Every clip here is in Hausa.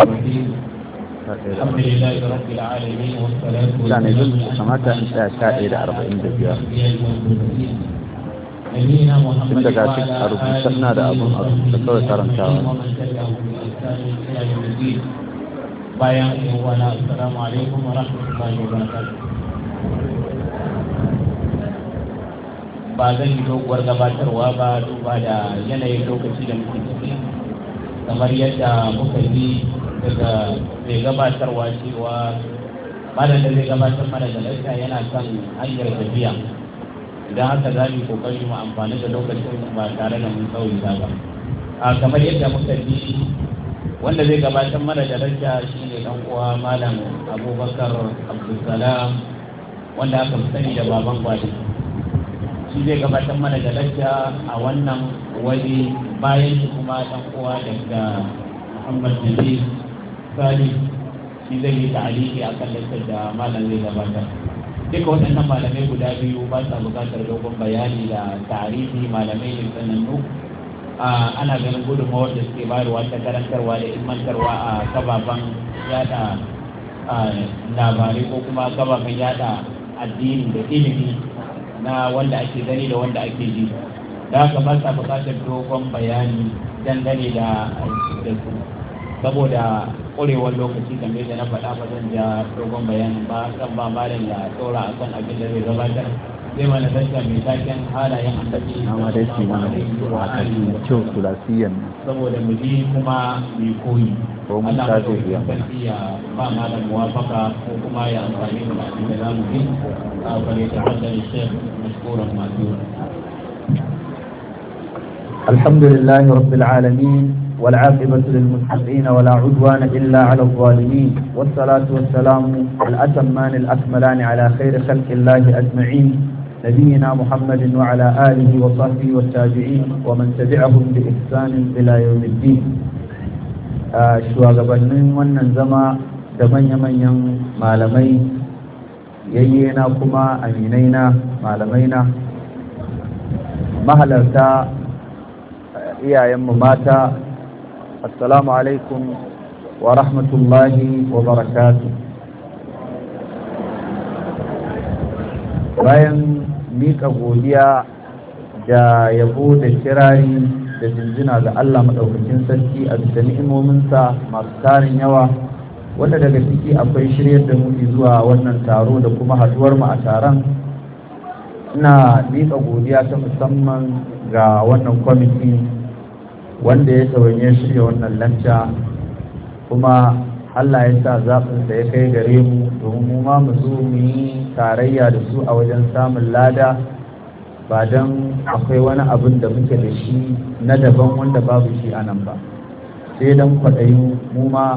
الحمد لله رب العالمين والصلاة والسلام على أشرف tun daga cikin a rubuce na da abin a rubuce kawai karantawa bayan yawana assalamu alaikum wa rahmatullahi wa barakatuh ba zan yi doguwar gabatarwa ba duba da yanayin lokaci da muke kamar yadda muka yi daga mai gabatarwa cewa malam da zai gabatar mana da lafiya yana kan hanyar tafiya idan haka za mu kokari mu amfani da lokacin ba tare da mun tsawaita ba a kamar yadda muka yi wanda zai gabatar mana da lafiya shine dan uwa malam abubakar abdulsalam wanda aka sani da baban kwadi shi zai gabatar mana da lafiya a wannan waje bayan shi kuma dan uwa daga Muhammad Nabi Sali shi zai yi ta'aliki akan laccar da malam zai gabatar duka waɗannan malamai guda biyu ba sa buƙatar dogon bayani da tarihi malamai ne sanannu ana ganin gudunmawar da suke bayarwa ta karantarwa da ilmantarwa a kababan yada labarai ko kuma kababan yada addini da ilimi na wanda ake gani da wanda ake ji da haka ba sa buƙatar dogon bayani dangane da da su saboda ƙwarewar lokaci kamar da na faɗa ba zan ja dogon bayani ba kan ba malam ya tsora akan abin da zai gabatar zai mana mai taken halayen annabi na dai shi mana da kyau sulasiyan saboda mu ji kuma mai koyi ko mun ta zo biya ba ma da muwafaka ko kuma ya amfani da masu da zamu yi a bare ta haddar shekh mashkuran masu الحمد لله رب العالمين والعاقبة للمتقين ولا عدوان إلا على الظالمين والصلاة والسلام الأتمان الأكملان على خير خلق الله أجمعين نبينا محمد وعلى wa وصحبه wa ومن تبعهم بإحسان إلى يوم الدين shugabannin wannan zama da manya-manyan malamai yayyena kuma aminaina malamaina mahalarta iyayen mu mata assalamu alaikum wa rahmatullahi wa barakatu. bayan miƙa godiya da yabo da kirari da jinjina ga Allah maɗaukakin sarki a bisa ni'imominsa masu tarin yawa wanda daga ciki akwai shiryar da muke zuwa wannan taro da kuma haduwar mu a taron ina miƙa godiya ta musamman ga wannan kwamiti wanda ya tawanye shirya wannan lanta kuma Allah ya sa da ya kai gare mu domin mu ma mu zo mu yi tarayya da su a wajen samun lada ba don akwai wani abin da muke da shi na daban wanda babu shi a nan ba sai don kwaɗayi mu ma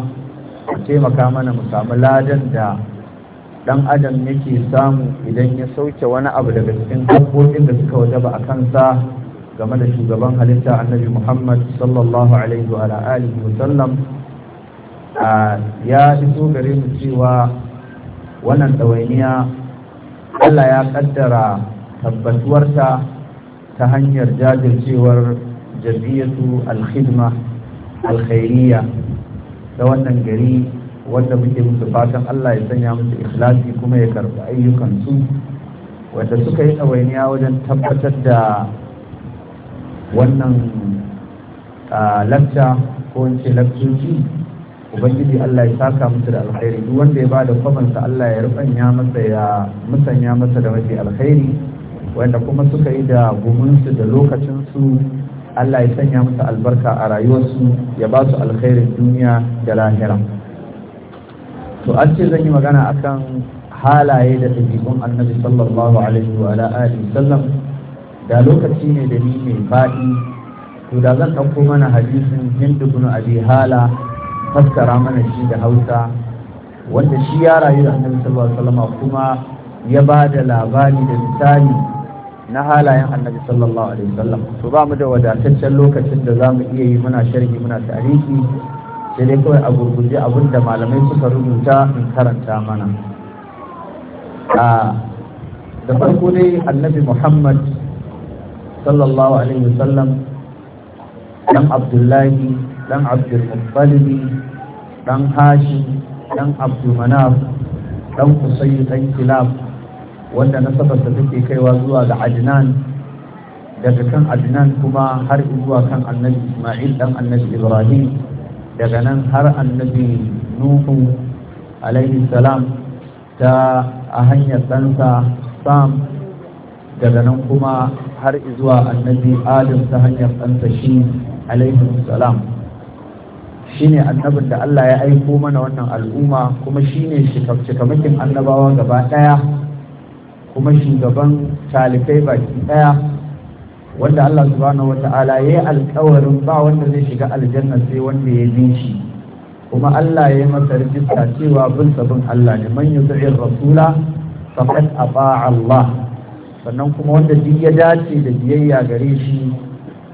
a taimaka mana mu samu ladan da ɗan adam yake samu idan ya sauke wani abu daga cikin haƙoƙin da suka wajaba a kansa game da shugaban halitta annabi muhammad sallallahu alaihi wa sallam ya iso gare mu cewa wannan ɗawainiya Allah ya ƙaddara tabbatuwarta ta hanyar jajircewar jam'iyyatu alkhidma alkhairiyya ta wannan gari wanda muke musu fatan Allah ya sanya musu ikhlasi kuma ya karɓi ayyukansu wanda suka yi ɗawainiya wajen tabbatar da wannan lakta ko in ce lakcoci ubangiji Allah ya saka musu da alkhairi duk wanda ya bada sa Allah ya rubanya masa ya musanya masa da mafi alkhairi wanda kuma suka yi da gumunsu da lokacinsu Allah ya sanya musu albarka a rayuwarsu ya ba su alkhairin duniya da lahira to an ce zan yi magana akan halaye da ɗabi'un annabi sallallahu alaihi wa alihi sallam da lokaci ne da ni mai faɗi to da zan ɗauko mana hadisin hindu bin abi hala fassara mana shi da hausa wanda shi ya rayu da annabi sallallahu alaihi wasallam kuma ya ba da labari da misali na halayen annabi sallallahu alaihi wasallam to ba mu da wadataccen lokacin da za mu iya yi muna sharhi muna tarihi sai dai kawai a gurguje abin da malamai suka rubuta in karanta mana da farko dai annabi muhammad sallallahu alaihi wasallam dan abdullahi dan abdulmuttalibi dan Hashi, dan abdulmanaf dan kusayi dan kilab wanda nasabarsa take kaiwa zuwa ga adnan daga kan adnan kuma har zuwa kan annabi isma'il dan annabi ibrahim daga nan har annabi nuhu alaihi salam ta a hanyar ɗansa sam daga nan kuma har zuwa annabi adam ta hanyar ɗansa shi alaihi salam shine annabin da Allah ya aiko mana wannan al'umma kuma shine shikamakin annabawa gaba daya kuma shugaban talibai baki daya wanda Allah subhanahu wata'ala ya yi alkawarin ba wanda zai shiga aljanna sai wanda ya bi shi kuma Allah ya yi masa rijista cewa bin sabon Allah ne man yuti'ir rasula faqad aba Allah sannan kuma wanda duk ya dace da biyayya gare shi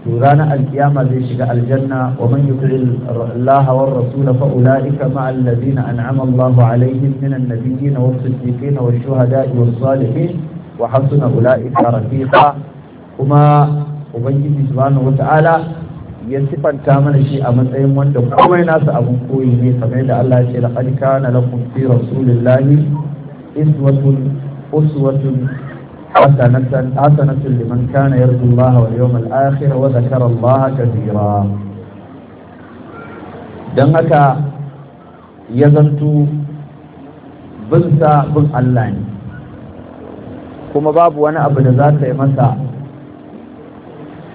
to ranar alkiyama zai shiga aljanna wa man yuti Allah wa rasul fa ulaika ma alladhina an'ama Allah alaihim min an-nabiyyin wa as-siddiqin wa ash-shuhada'i wa salihin wa hasuna ulaika rafiqa kuma ubangiji subhanahu wata'ala ya sifanta mana shi a matsayin wanda komai nasa abun koyi ne kamar da Allah ya ce laqad kana lakum fi rasulillahi iswatun uswatun حسنة حسنة لمن كان يرجو الله واليوم الآخر وذكر الله كثيرا don haka ya zanto binsa bin Allah kuma babu wani abu da za ka yi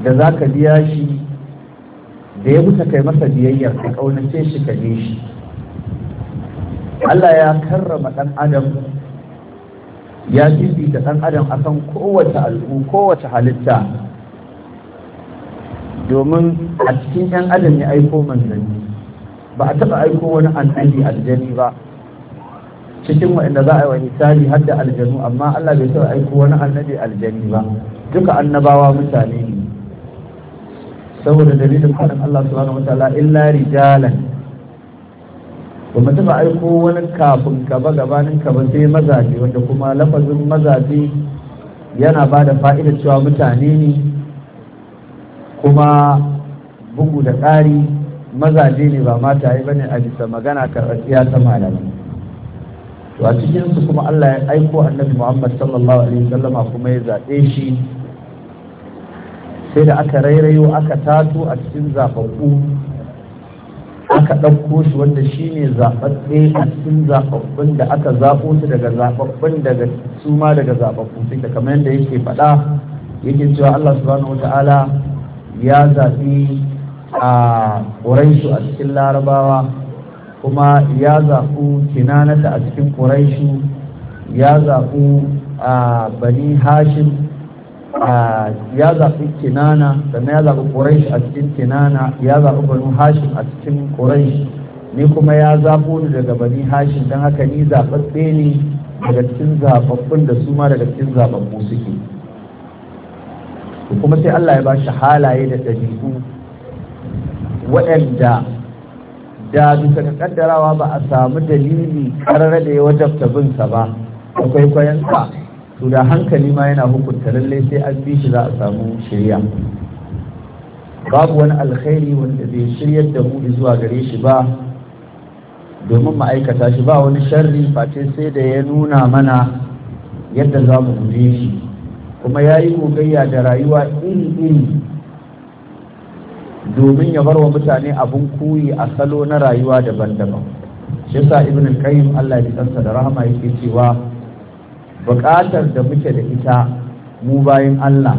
da za biya shi da ya wuce kai masa biyayyar ka kaunace shi ka shi Allah ya karrama ɗan adam ya fifita ɗan adam akan kowace al'u kowace halitta domin a cikin ɗan adam ya aiko manzanni ba a taɓa aiko wani annabi aljani ba cikin waɗanda za a yi wa misali har da aljanu amma Allah bai taɓa aiko wani annabi aljani ba duka annabawa mutane ne saboda dalilin faɗin Allah subhanahu wataala illa rijalan ba mu aiko wani kafin ka ba gabanin ka ba sai mazaje wanda kuma lafazin mazaje yana ba da fa'ida cewa mutane ne kuma bugu da ƙari mazaje ne ba mata yi bane a bisa magana karɓar ta malami to a cikin su kuma Allah ya aiko annabi Muhammad sallallahu alaihi wasallama kuma ya zaɓe shi sai da aka rairayo aka tato a cikin zafafu aka ɗauko shi wanda shi ne zaɓaɓɓe a cikin zaɓaɓɓun da aka zaɓo su daga zaɓaɓɓun daga su ma daga zaɓaɓɓun suka kamar yadda yake faɗa yake cewa Allah subhanahu wa ta'ala ya zaɓi a ƙuraishu a cikin larabawa kuma ya zaɓu kinanata a cikin ƙuraishu ya zaɓu a bani hashim Ah, ya zaɓi kinana sannan ya zaɓi ƙuraish a cikin kinana ya zaɓi bani hashim a cikin ƙuraish ni kuma ya zaɓo ni daga bani hashim don haka ni zaɓaɓɓe ne daga cikin zaɓaɓɓun da su ma daga cikin zaɓaɓɓu suke kuma sai Allah ya ba shi halaye da ɗabi'u waɗanda da bisa ga kaddarawa ba a samu dalili ƙarar da ya wajabta binsa ba akwai kwayansa to da hankali ma yana hukunta lallai sai an bi shi za a samu shirya babu wani alkhairi wanda bai shiryar da mu zuwa gare shi ba domin ma'aikata shi ba wani sharri face sai da ya nuna mana yadda za mu guje shi kuma ya yi gogayya da rayuwa iri-iri domin ya bar wa mutane abin koyi a salo na rayuwa daban-daban shi sa ibn qayyim Allah ya kansa da rahama yake cewa buƙatar da muke da ita mu bayan Allah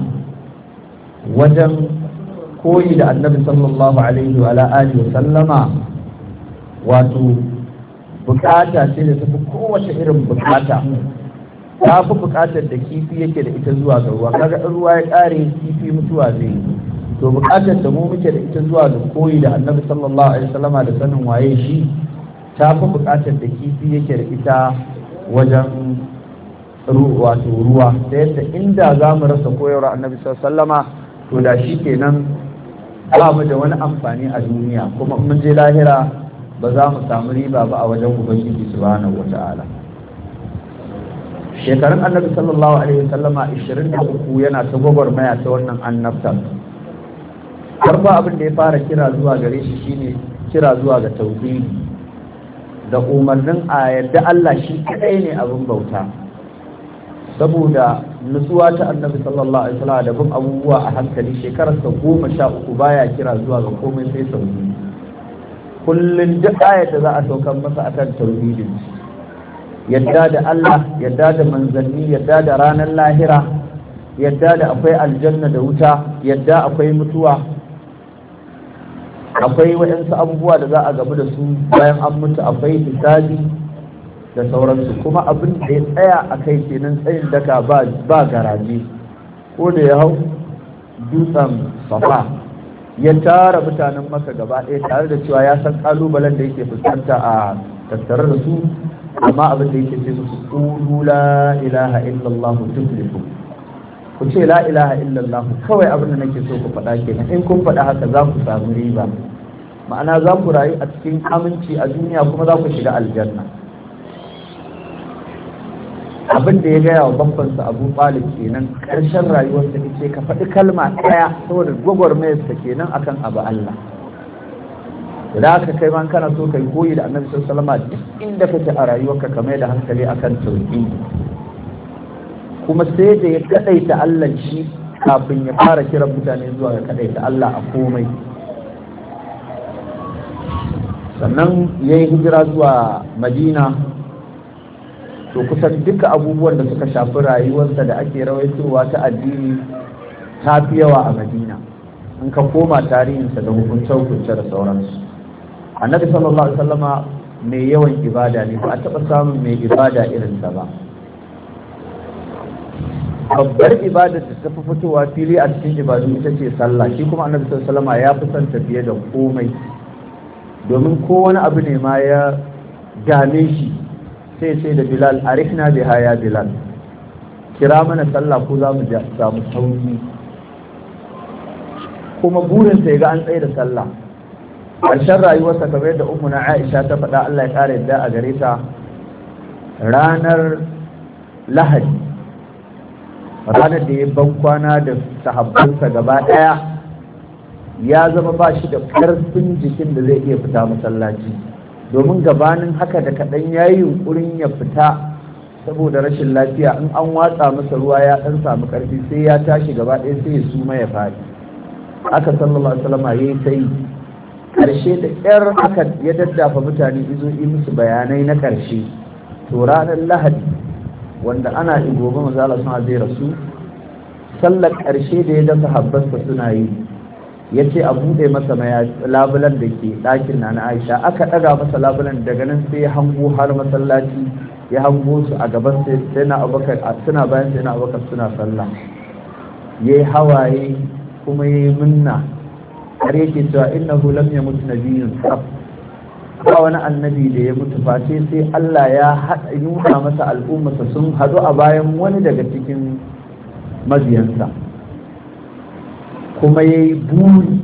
wajen koyi da annabi sallallahu alaihi wa alihi sallama wato bukata ce da tafi kowace irin bukata ta fi bukatar da kifi yake da ita zuwa ga ruwa kaga ruwa ya ƙare kifi mutuwa zai yi to bukatar da mu muke da ita zuwa ga koyi da annabi sallallahu alaihi wasallama da sanin waye shi ta fi bukatar da kifi yake da ita wajen wato ruwa ta yadda inda za mu rasa koyarwa annabi sallama to da shi kenan ba mu da wani amfani a duniya kuma mun je lahira ba za mu samu riba ba a wajen ubangiji subhanahu wata'ala shekarun annabi sallallahu alaihi wasallama 23 yana ta gwagwarmaya ta wannan annabtar farko abin da ya fara kira zuwa gare shi shine kira zuwa ga tauhidi da umarnin a yadda Allah shi kadai ne abin bauta saboda nutsuwa ta annabi sallallahu alaihi wasallam da bin abubuwa a hankali shekarar sa goma sha uku baya kira zuwa ga komai sai sauki Kullum duk ayar da za a saukar masa akan tauhidin yadda da Allah yadda da manzanni yadda da ranar lahira yadda da akwai aljanna da wuta yadda akwai mutuwa akwai waɗansu abubuwa da za a gaba da su bayan an mutu akwai hisabi da sauransu kuma abin da ya tsaya a kai kenan tsayin daka ba garaje ko da ya hau dutsen safa ya tara mutanen maka gaba ɗaya tare da cewa ya san kalubalen da yake fuskanta a tattare da su amma abin da yake ce musu ƙulu la ilaha illallah tuflihu ku ce la ilaha illallah kawai abin da nake so ku faɗa kenan in kun faɗa haka za ku samu riba ma'ana za ku rayu a cikin aminci a duniya kuma za ku shiga aljanna abin da ya gaya wa bambansa abu ɓalib kenan ƙarshen rayuwarsa ce ka faɗi kalma ɗaya saboda ke nan akan abu Allah da aka kai man kana so kai koyi da annabi sallallahu alaihi duk inda kake a rayuwarka ka mai da hankali akan tauhidi kuma sai da ya kadaita Allah shi kafin ya fara kiran mutane zuwa ga kadaita Allah a komai sannan ya yi hijira zuwa Madina to kusan duka abubuwan da suka shafi rayuwarsa da ake rawaitowa ta addini ta fi yawa a madina in ka koma tarihinsa da hukuncin hukunce da sauransu annabi sallallahu alaihi wasallama mai yawan ibada ne ba a taɓa samun mai ibada irinsa ba babbar ibada da ta fi fitowa fili a cikin ibadu ita ce sallah shi kuma annabi sallallahu alaihi ya fi son tafiye da komai domin kowane abu ne ma ya dame shi sai sai da bilal a rikina biha ya bilal kira mana sallah ko za mu samu sauki kuma burinsa ya ga an tsaye da sallah ƙarshen rayuwarsa kamar yadda umu na aisha ta faɗa allah ya ƙara yadda a gare ta ranar lahadi ranar da ya ban kwana da sahabbansa gaba ɗaya ya zama ba shi da ƙarfin jikin da zai iya fita masallaci domin gabanin haka da kaɗan ya yi yunƙurin ya fita saboda rashin lafiya in an watsa masa ruwa ya ɗan samu ƙarfi sai ya tashi gaba ɗaya sai ya suma ya faɗi aka sallallahu alaihi Salama ya yi sai ƙarshe da ƙyar haka ya daddafa mutane izo yi musu bayanai na ƙarshe to ranar lahadi wanda ana yi gobe maza Allah zai rasu sallar ƙarshe da ya dasa habbasta suna yi ya ce a buɗe masa labulan da ke ɗakin na na aisha aka ɗaga masa labulan daga nan sai ya hango har masallaci ya hango su a gaban sai na suna bayan sai na abokan suna sallah ya yi hawaye kuma ya yi munna har yake cewa inna hulam ya mutu na biyun saf ba wani annabi da ya mutu face sai Allah ya nuna masa al'ummarsa sun haɗu a bayan wani daga cikin maziyansa. kuma ya yi buri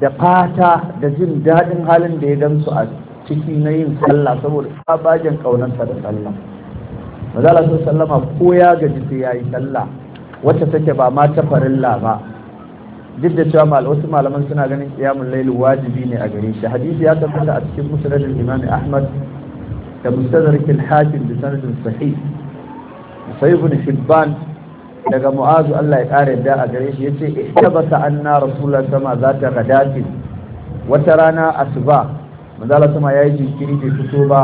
da fata da jin daɗin halin da ya gamsu a ciki na yin sallah saboda sabajin ƙaunarsa da sallah mazala sun sallama ko ya gaji sai ya yi sallah wacce take ba ma ta farilla ba duk da cewa wasu malaman suna ganin ƙiyamun laili wajibi ne a gare shi hadisi ya tabbata a cikin musnadin imam ahmad da mustadrak hakim bi sanadin sahih sayyid ibn hibban daga mu'azu Allah ya kare da a gare shi yace ihtabasa anna rasulullahi sama za ta gadatin wata rana asuba manzo Allah sama yayi jinkiri bai fito ba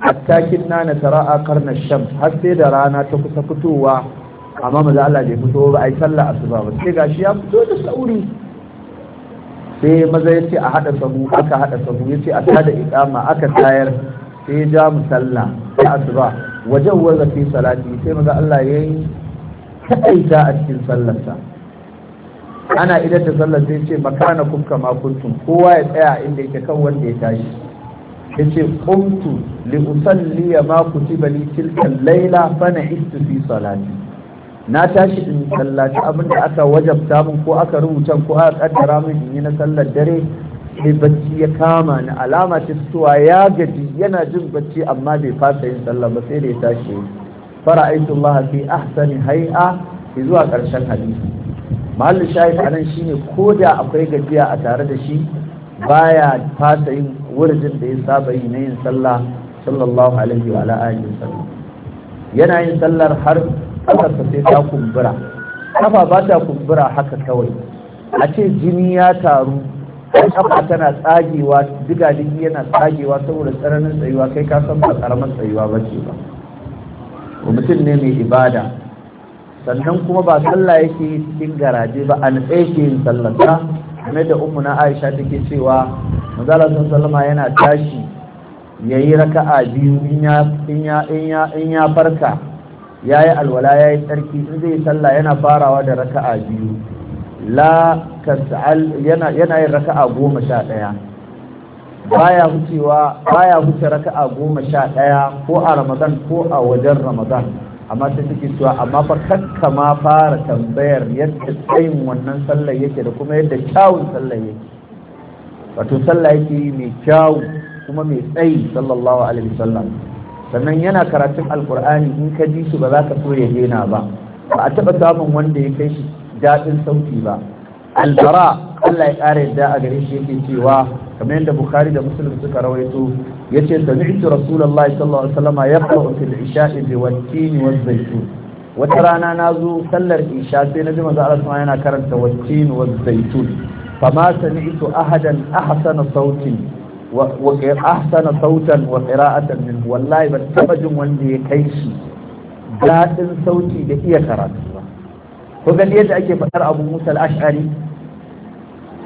hatta kinna na tara'a karna sham har sai da rana ta kusa fitowa amma manzo Allah bai fito ba ai sallah asuba ba sai gashi ya fito da sauri sai maza yace a hada sabu aka hada sabu yace a tada iqama aka tayar sai ya ja musalla sai asuba wajen wazafi salati sai maza Allah ya yi. kaɗaita a cikin sallarsa ana idan ta sallar sai ce makana kuka makuntun kowa ya tsaya inda yake kan wanda ya tashi ya ce kumtu li usalli ya ma kutiba li laila Fana, na fi salati na tashi in sallaci abin da aka wajabta min ko aka rubuta ko aka kaddara min in yi na sallar dare sai bacci ya kama ni alama ce ya gaji yana jin bacci amma bai fasa yin sallar ba sai da ya tashi fara'aitu Allah fi ahsani hay'a zuwa ƙarshen hadisi mahallin shahid anan shine ko da akwai gajiya a tare da shi baya fasa yin wurin da ya saba yi na yin sallah sallallahu alaihi wa alihi wasallam yana yin sallar har kafarsa sai ta kumbura kafa ba ta kumbura haka kawai a ce jini ya taru kafa tana tsagewa diga yana tsagewa saboda tsananin tsayuwa kai ka san ba karamar tsayuwa bace ba mutum ne mai ibada sannan kuma ba sallah yake yi cikin garaje ba an tsaye yin sallarsa kamar da ummu na Aisha take cewa manzala sun sallama yana tashi ya yayi raka'a biyu in ya farka ya yi alwala ya yi tsarki in zai sallah yana farawa da raka'a biyu la kas'al yana yana yin raka'a goma sha ɗaya baya wucewa baya wuce raka'a goma sha ɗaya ko a ramadan ko a wajen ramadan amma sai suke cewa amma fa kakka ma fara tambayar yadda tsayin wannan sallar yake da kuma yadda kyawun sallar yake wato sallah yake yi mai kyawu kuma mai tsayi sallallahu alaihi wasallam sannan yana karatun alkur'ani in ka ji su ba za ka so ya daina ba ba a taɓa samun wanda ya kai shi daɗin sauti ba albara allah ya ƙara yadda a gare shi yake cewa kamar yadda bukhari da muslim suka rawaito yace sami'tu rasulullahi sallallahu alaihi wasallam ya fil isha'i bi wattin wa zaytun wata rana na zo sallar isha sai naji manzo Allah subhanahu yana karanta wattin wa zaytun ta sami'tu ahadan ahsana sautin wa ahsana sautan wa qira'atan min wallahi ban taba jin wanda ya kai shi Daɗin sauti da iya karatu ba ko gani yadda ake faɗar abu Musa al-Ash'ari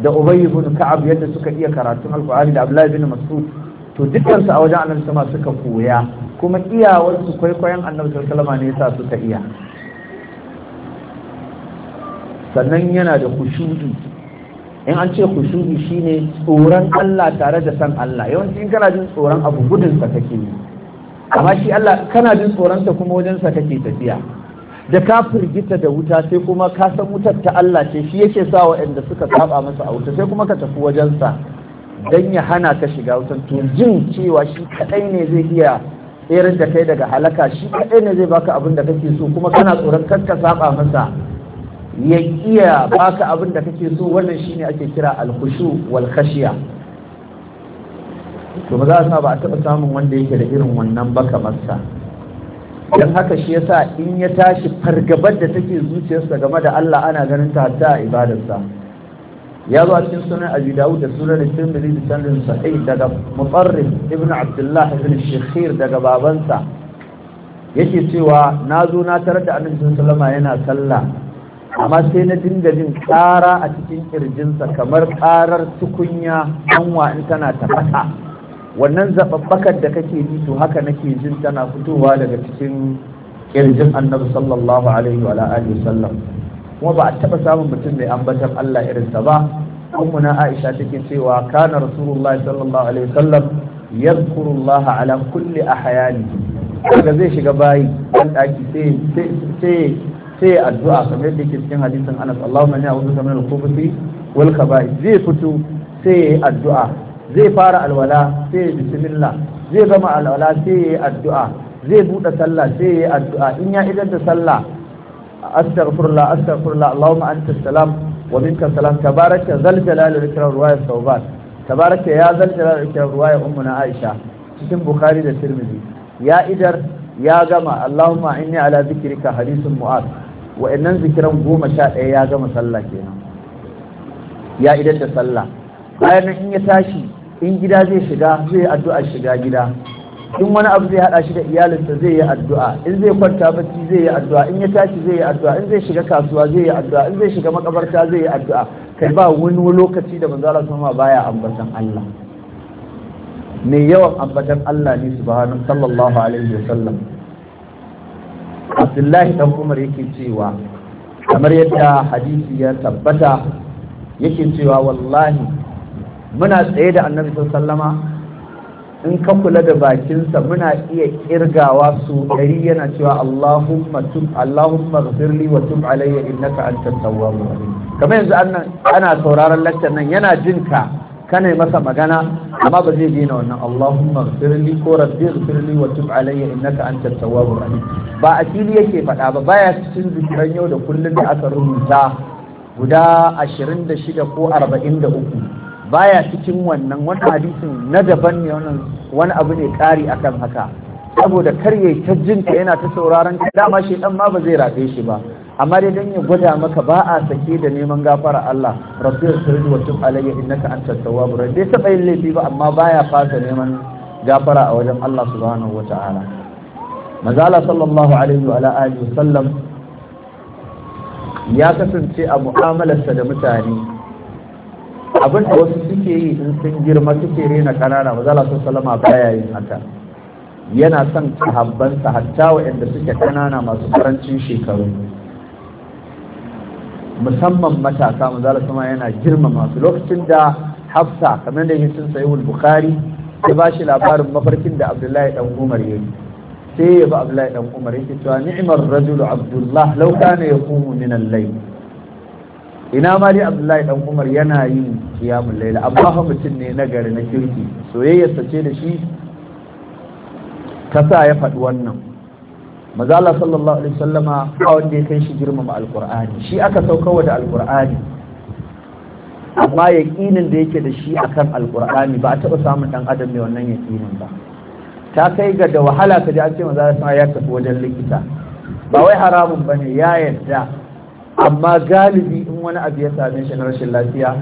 da ubay ibn ka'ab yadda suka iya karatun alqur'ani da abdullahi bin mas'ud to dukkan su a wajen annabi sama suka koya kuma iyawar su kwaikwayon annabi sallallahu alaihi wasallam ne yasa suka iya sannan yana da kushudi in an ce kushudi shine tsoron Allah tare da san Allah yawanci in kana jin tsoron abu gudun sa kake yi amma shi Allah kana jin tsoron sa kuma wajen sa kake tafiya da ka firgita da wuta sai kuma ka san wutar ta Allah ce shi yake sa waɗanda suka saba masa a wuta sai kuma ka tafi wajensa don ya hana ka shiga wutan to jin cewa shi kadai ne zai iya tserar da kai daga halaka shi kaɗai ne zai baka abin da kake so kuma kana tsoron kar ka saba masa ya iya baka abin da kake so wannan shine ake kira alkhushu wal khashiya to ba za a ba a taɓa samun wanda yake da irin wannan ba masa don haka shi yasa in ya tashi fargabar da take zuciyarsa game da Allah ana ganin ta hatta a ibadarsa ya zo a cikin sunan Abi Dawud da sunan Tirmidhi da sanin sahih daga Mutarrif ibn Abdullah ibn Shikhir daga babansa yake cewa na zo na tarar da Annabi sallallahu alaihi yana sallah amma sai na dinga jin ƙara a cikin kirjinsa kamar ƙarar tukunya anwa in tana tafasa wannan zaɓaɓɓakar da kake ji to haka nake jin tana fitowa daga cikin kirjin annabi sallallahu alaihi wa alihi sallam kuma ba a taɓa samun mutum mai ambatan Allah irin sa ba ummuna Aisha take cewa kana rasulullahi sallallahu alaihi wasallam yadhkurullaha ala kulli ahyani daga zai shiga bayi dan daki sai sai sai addu'a kamar yadda yake cikin hadisin Anas Allahumma inni a'udhu bika min al-khubuthi wal khaba'ith zai fito sai addu'a zai fara alwala sai ya bismillah zai gama alwala sai ya yi addu'a zai buɗe sallah sai ya yi addu'a in ya idan da sallah astaghfirullah astaghfirullah allahumma anta salam wa minka salam tabaraka zal jalali wal ikram ruwaya saubat tabaraka ya zal jalali wal ikram ruwaya ummuna aisha cikin bukhari da tirmidhi ya idar ya gama allahumma inni ala zikrika hadithun mu'az wa'annan zikiran goma sha ɗaya ya gama sallah kenan ya idan da sallah bayan in ya tashi in gida zai shiga zai yi addu'a shiga gida in wani abu zai hada shi da iyalinsa zai yi addu'a in zai kwanta bacci zai yi addu'a in ya tashi zai yi addu'a in zai shiga kasuwa zai yi addu'a in zai shiga makabarta zai yi addu'a kai ba wani lokaci da manzo Allah sama baya ambatan Allah mai yawan ambatan Allah ne subhanahu sallallahu alaihi wasallam Abdullahi dan Umar yake cewa kamar yadda hadisi ya tabbata yake cewa wallahi muna tsaye da annabi sallama in ka kula da bakinsa muna iya kirgawa su ɗari yana cewa Allahumma tub Allahumma ghfirli wa tub alayya innaka antat tawwabur rahim kamar yanzu ana sauraron laccar nan yana jin ka kana masa magana amma ba zai daina wannan Allahumma ghfirli ko rabbi ghfirli wa tub alayya innaka antat tawwabur rahim ba a fili yake faɗa ba baya cikin zikiran yau da kullun da aka rubuta guda 26 ko 43 baya cikin wannan wani hadisin na daban ne wannan wani abu ne ƙari akan haka saboda kar yayi ta jinka yana ta sauraron ka dama shi dan ma ba zai rafe shi ba amma dai dan ya gwada maka ba a sake da neman gafara Allah rabbi sirri wa tub alayya innaka antat tawwabur rahim bai saba yin laifi ba amma baya fasa neman gafara a wajen Allah subhanahu wataala mazala sallallahu alaihi wa alihi wa sallam ya kasance a mu'amalarsa da mutane abin da wasu suke yi in sun girma suke rena ƙanana mazala sun salama baya yin haka yana son sahabbansa hatta waɗanda suke ƙanana masu karancin shekaru musamman matasa mazala sama yana girmama su lokacin da hafsa kamar da hisin sahihul bukhari ya bashi labarin mafarkin da abdullahi dan umar ya yi sai ya ba abdullahi dan umar yake cewa ni'mar rajul abdullah law kana yaqumu min al-layl ina ma dai abdullahi dan umar yana yin kiyamun laila amma fa mutum ne na gari na kirki soyayyarsa ce da shi ta sa ya faɗi wannan Maza'a sallallahu alaihi wasallama a wanda ya kai shi girmama alqur'ani shi aka wa da alqur'ani amma yaƙinin da yake da shi akan alqur'ani ba a taɓa samun ɗan adam mai wannan yaƙinin ba ta kai ga da wahala ka ji an ce maza Allah ya tafi wajen likita ba wai haramun bane ya yadda. amma galibi in wani abu ya same shi na rashin lafiya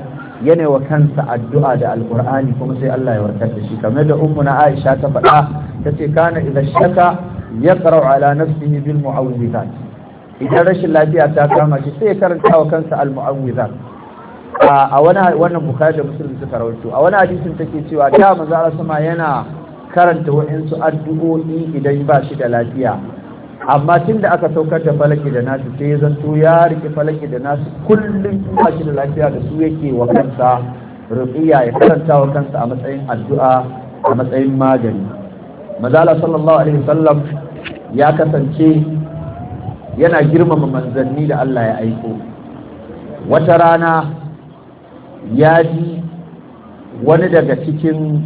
yana wa kansa addu'a da alqur'ani kuma sai Allah ya warkar da shi kamar da ummu na Aisha ta faɗa tace kana idan shaka yaqra'u ala nafsihi bil mu'awwidhat idan rashin lafiya ta kama shi sai ya karanta wa kansa al mu'awwidhat a wani wannan bukhari da muslim suka rawaito a wani hadisin take cewa da manzo Allah sama yana karanta wa'insu addu'o'i idan ba shi da lafiya amma tun da aka saukar da falaki da nasu sai ya zanto ya rike falaki da nasu kullum ba shi da lafiya da su yake wa kansa ruqiya ya karanta wa kansa a matsayin addu'a a matsayin magani mazala sallallahu alaihi wasallam ya kasance yana girmama manzanni da Allah ya aiko wata rana ya ji wani daga cikin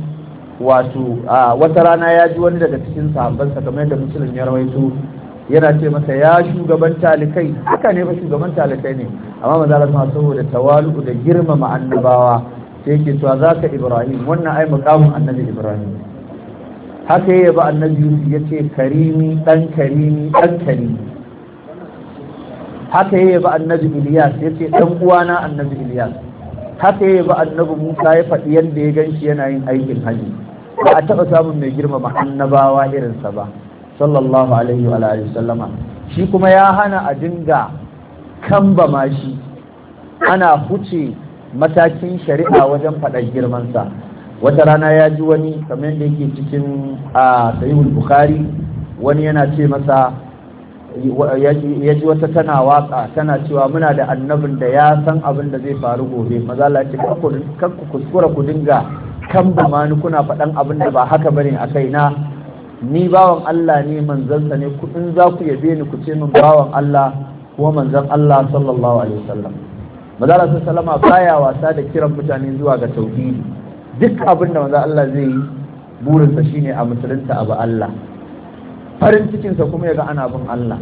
wato wata rana ya ji wani daga cikin sahabbansa kamar yadda musulun ya rawaito yana ce masa ya shugaban talikai haka ne ba shugaban talikai ne amma manzo Allah saboda tawalu da girmama annabawa sai yake cewa zaka Ibrahim wannan ai muqamin annabi Ibrahim haka yi ba annabi Yusuf ya ce karimi dan karimi dan karimi haka yi ba annabi ya ce dan uwana annabi iliyas haka yi ba annabi Musa ya faɗi yadda ya ganshi yana yin aikin haji ba a taɓa samun mai girmama annabawa irinsa ba sallallahu alaihi wa alihi sallama shi kuma ya hana a dinga kamba mashi ana huce matakin shari'a wajen faɗar girmansa wata rana ya ji wani kamar da yake cikin a sahihul bukhari wani yana ce masa ya ji wata tana waka tana cewa muna da annabin da ya san abin da zai faru gobe mazala ce kan ku kuskura ku dinga kan ba ma ni kuna faɗan abin da ba haka bane a kaina ni bawan Allah ne manzansa ne in za ku yabe ni ku ce min bawan Allah kuma manzan Allah sallallahu alaihi wasallam madara sun salama baya wasa da kiran mutane zuwa ga tauhidi duk abin da manzan Allah zai yi burinsa shine a musulunta abu Allah farin cikinsa kuma ya ga ana bin Allah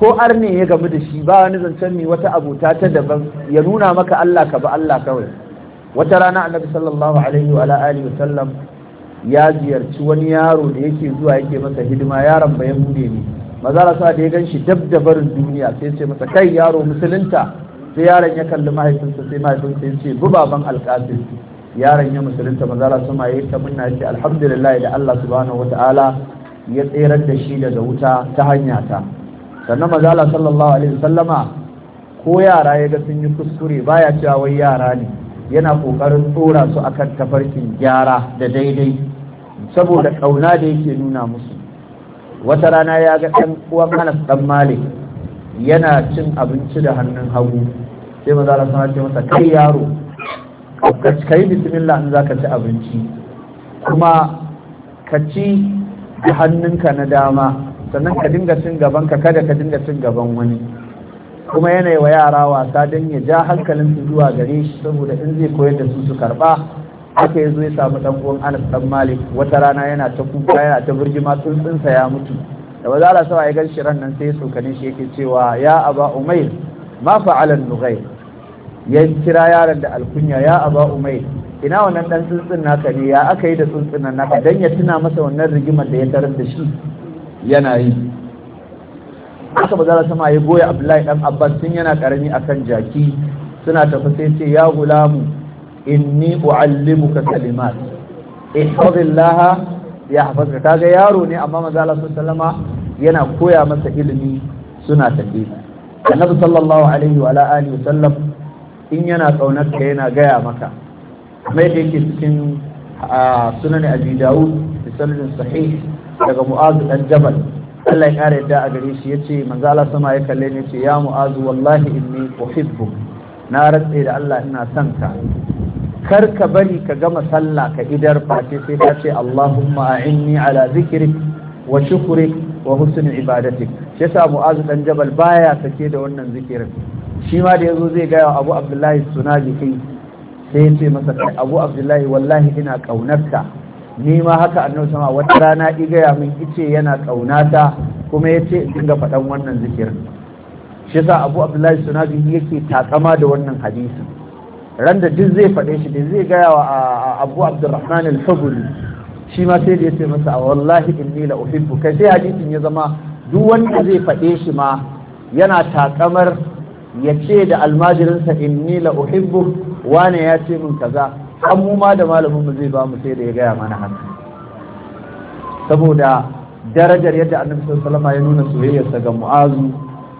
ko arne ya gamu da shi ba wani zancen ne wata abuta ta daban ya nuna maka Allah ka bi Allah kawai wata rana annabi sallallahu alaihi wa alihi wa sallam ya ziyarci wani yaro da yake zuwa yake masa hidima yaron bayan bude ne maza sa da ya gan shi dab da barin duniya sai ce masa kai yaro musulunta sai yaron ya kalli mahaifinsa sai mahaifinsa ya ce bu baban alƙasir yaron ya musulunta maza sama ya yi ta munna ya ce alhamdulillah da Allah subhanahu wataala ya tserar da shi daga wuta ta hanya ta sannan maza sallallahu alaihi wasallama ko yara ya ga sun yi kuskure baya cewa wai yara ne yana ƙoƙarin tsora su akan tafarkin gyara da daidai saboda ƙauna da yake nuna musu wata rana ya ga ɗan uwan anas ɗan malik yana cin abinci da hannun hagu sai maza Allah sana ce masa kai yaro ka yi bismillah in za ka ci abinci kuma ka ci da hannunka na dama sannan ka dinga cin gaban ka kada ka dinga cin gaban wani kuma yana wa yara wasa don ya ja hankalin su zuwa gare shi saboda in zai koyar da su su karba aka ya zo ya samu dan uwan Anas dan Malik wata rana yana ta kuka yana ta tsuntsun tsuntsunsa ya mutu da ba za a sawa ya gan shi ran nan sai ya tsokane shi yake cewa ya aba umair ma fa'alan nughair ya kira yaron da alkunya ya aba umair ina wannan dan tsuntsun naka ne ya aka yi da tsuntsun nan naka dan ya tuna masa wannan rigimar da ya tarar da shi yana yi haka bazara sama ya goya abdullahi dan abbas tun yana karami akan jaki suna tafi sai ce ya gulamu inni uallimuka kalimat ihfazillaha ya hafazka kaga yaro ne amma manzo Allah sallama yana koya masa ilimi suna tafi annabi sallallahu alaihi wa alihi wa sallam in yana kaunar ka yana gaya maka kuma yadda yake cikin ah, sunan abi dawud da sanadin sahih daga mu'az dan jabal Allah ya kare da a gare shi yace manzo Allah sama ya kalle ni yace ya mu'azu wallahi inni uhibbu na ratse da Allah ina son ka kar ka bari ka gama sallah ka idar face sai ka ce Allahumma a'inni ala zikrik wa shukrik wa husni ibadatik shi yasa mu'azu dan jabal baya sake da wannan zikirin shi ma da yazo zai ga Abu Abdullahi Sunaji kai sai ya ce masa Abu Abdullahi wallahi ina kaunarka ni ma haka annabi sama wata rana i gaya min ice yana ƙaunata kuma yace ce in dinga faɗan wannan zikirin shi yasa abu abdullahi sunabi yake takama da wannan hadisi ran da duk zai faɗe shi da zai gaya wa abu abdurrahman al-hubuli shi ma sai da ya ce masa wallahi inni la uhibbu kai sai hadisin ya zama duk wanda zai faɗe shi ma yana takamar yace ce da almajirinsa inni la uhibbu wane ya ce min kaza an mu da malamin mu zai ba mu sai da ya gaya mana haka saboda darajar yadda annabi sallallahu alaihi ya nuna soyayyarsa ga mu'azu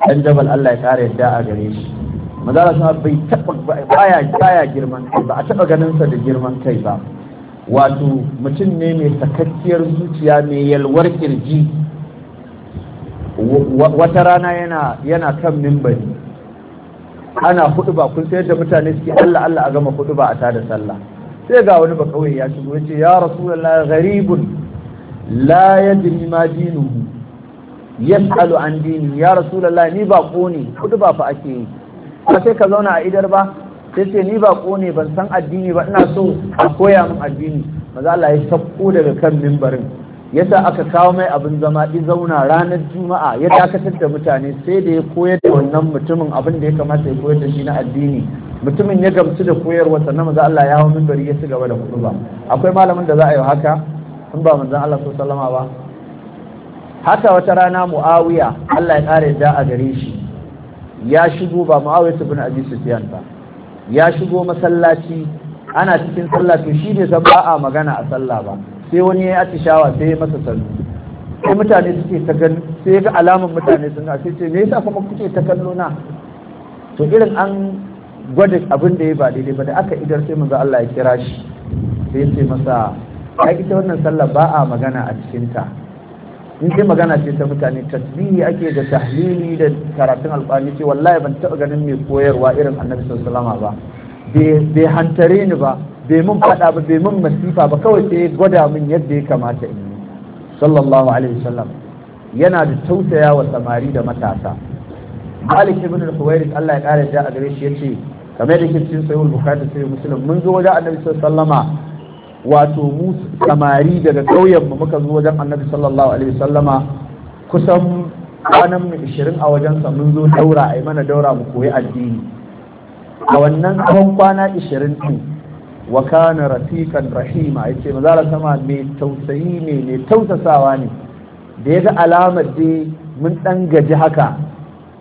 dan jabal Allah ya kare yadda a gare shi manzala sa bai taba baya baya girman kai ba a taba ganin sa da girman kai ba wato mutum ne mai sakakkiyar zuciya mai yalwar kirji wata rana yana kan mimbari ana hudu ba kun sayar da mutane suke Allah Allah a gama hudu ba a tada sallah sai ga wani bakawai ya shigo ce ya rasulullahi gharibun la yadri ma dinuhu yas'alu an dini ya rasulullahi ni ba ne hudu ba fa ake yi ba sai ka zauna a idar ba sai ce ni ba ne ban san addini ba ina so a koya min addini maza Allah ya sauko daga kan mimbarin yasa aka kawo mai abin zama ɗi zauna ranar juma'a ya dakatar da mutane sai da ya koyar da wannan mutumin abin da ya kamata ya koyar da shi na addini mutumin ya gamsu da koyarwa sannan maza Allah ya hau minbari ya ci gaba da hudu ba akwai malamin da za a yi haka in ba manzan Allah so salama ba haka wata rana muawiya Allah ya kare da a gare shi ya shigo ba muawiya bin abi sufyan ba ya shigo masallaci ana cikin sallah to shi ne zan ba a magana a sallah ba sai wani ya atishawa sai ya masa sallu sai mutane suke ta gani sai ga alamun mutane sun sai ce me yasa kuma kuke ta kallo na to irin an gwada abin da ya ba daidai ba da aka idar sai manzo Allah ya kira shi sai ya ce masa ai ita wannan sallah ba a magana a cikin ta in sai magana ce ta mutane tasbihi ake da tahlili da karatun alqur'ani ce wallahi ban taɓa ganin mai koyarwa irin annabi sallallahu alaihi wasallam ba bai hantare ni ba bai mun faɗa ba bai mun masifa ba kawai sai ya gwada min yadda ya kamata in yi sallallahu alaihi wasallam yana da tausaya wa samari da matasa Malik ibn al-Huwairis Allah ya kare da a gare shi yace kamar da cikin sahih al-Bukhari da sahih Muslim mun zo wajen Annabi sallallahu alaihi wato mu samari daga kauyen mu muka zo wajen Annabi sallallahu alaihi wasallama kusan kwanan mu 20 a wajen sa mun zo daura ai mana daura mu koyi addini a wannan kwan kwana 20 din wa kana rafiqan rahima yace manzala sama mai tausayi ne mai tausasawa ne da yaga alamar dai mun dan gaji haka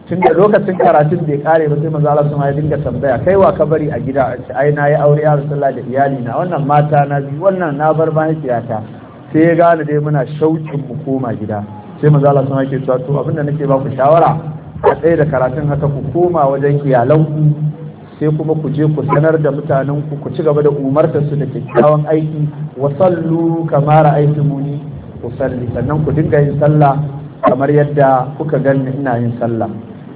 tun da lokacin karatun bai kare ba sai manzala sama ya dinga tambaya kai wa ka bari a gida ai na yi aure ya rasulullah da iyali na wannan mata na bi wannan na bar mahaifiyata sai ya gane dai muna shauƙin mu koma gida sai manzala sama yake cewa to abinda nake ba ku shawara a tsaye da karatun haka ku koma wajen iyalanku sai kuma ku je ku sanar da mutanen ku ku ci gaba da umarta su da kyakkyawan aiki wa sallu aiki muni ku salli sannan ku dinga yin sallah kamar yadda kuka gani ina yin sallah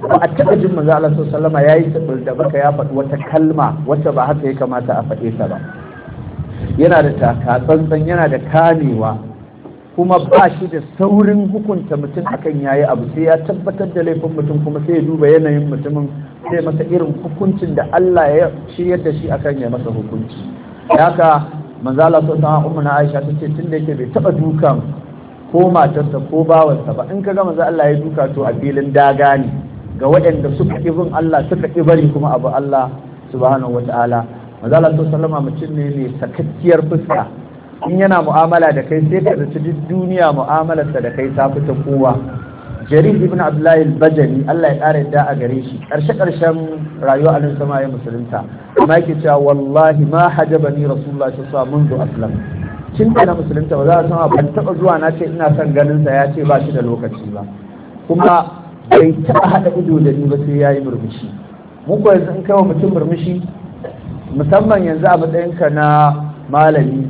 a taɓa jin manzo Allah sallallahu alaihi wasallam yayi da baka ya faɗi wata kalma wacce ba haka ya kamata a faɗe ta ba yana da taka tsantsan yana da kamewa kuma ba shi da saurin hukunta mutum akan yayi abu sai ya tabbatar da laifin mutum kuma sai ya duba yanayin mutumin zai masa irin hukuncin da Allah ya shiryar da shi akan ya masa hukunci haka manzo Allah sallallahu alaihi wasallam na Aisha tace tunda yake bai taba dukan ko matarsa ko bawansa ba in ka manzo Allah ya duka to a filin daga ne ga waɗanda suka ƙi bin Allah suka ki bari kuma abu Allah subhanahu wataala manzo Allah sallallahu alaihi mutum ne mai sakakkiyar fuska in yana mu'amala da kai sai ka zaci duniya mu'amalarsa da kai ta fita kowa jarir ibn abdullahi Bajani. Allah ya ƙara yadda a gare shi karshe karshen rayuwa alin sama ya musulunta amma yake cewa wallahi ma hajaba ni rasulullah shi sa mun zo aslam cin na musulunta ba za a sama ban taɓa zuwa na ce ina son ganin sa ya ce ba shi da lokaci ba kuma bai taɓa haɗa ido da ni ba sai ya yi murmushi mu ko yanzu in kai wa mutum murmushi musamman yanzu a matsayinka na malami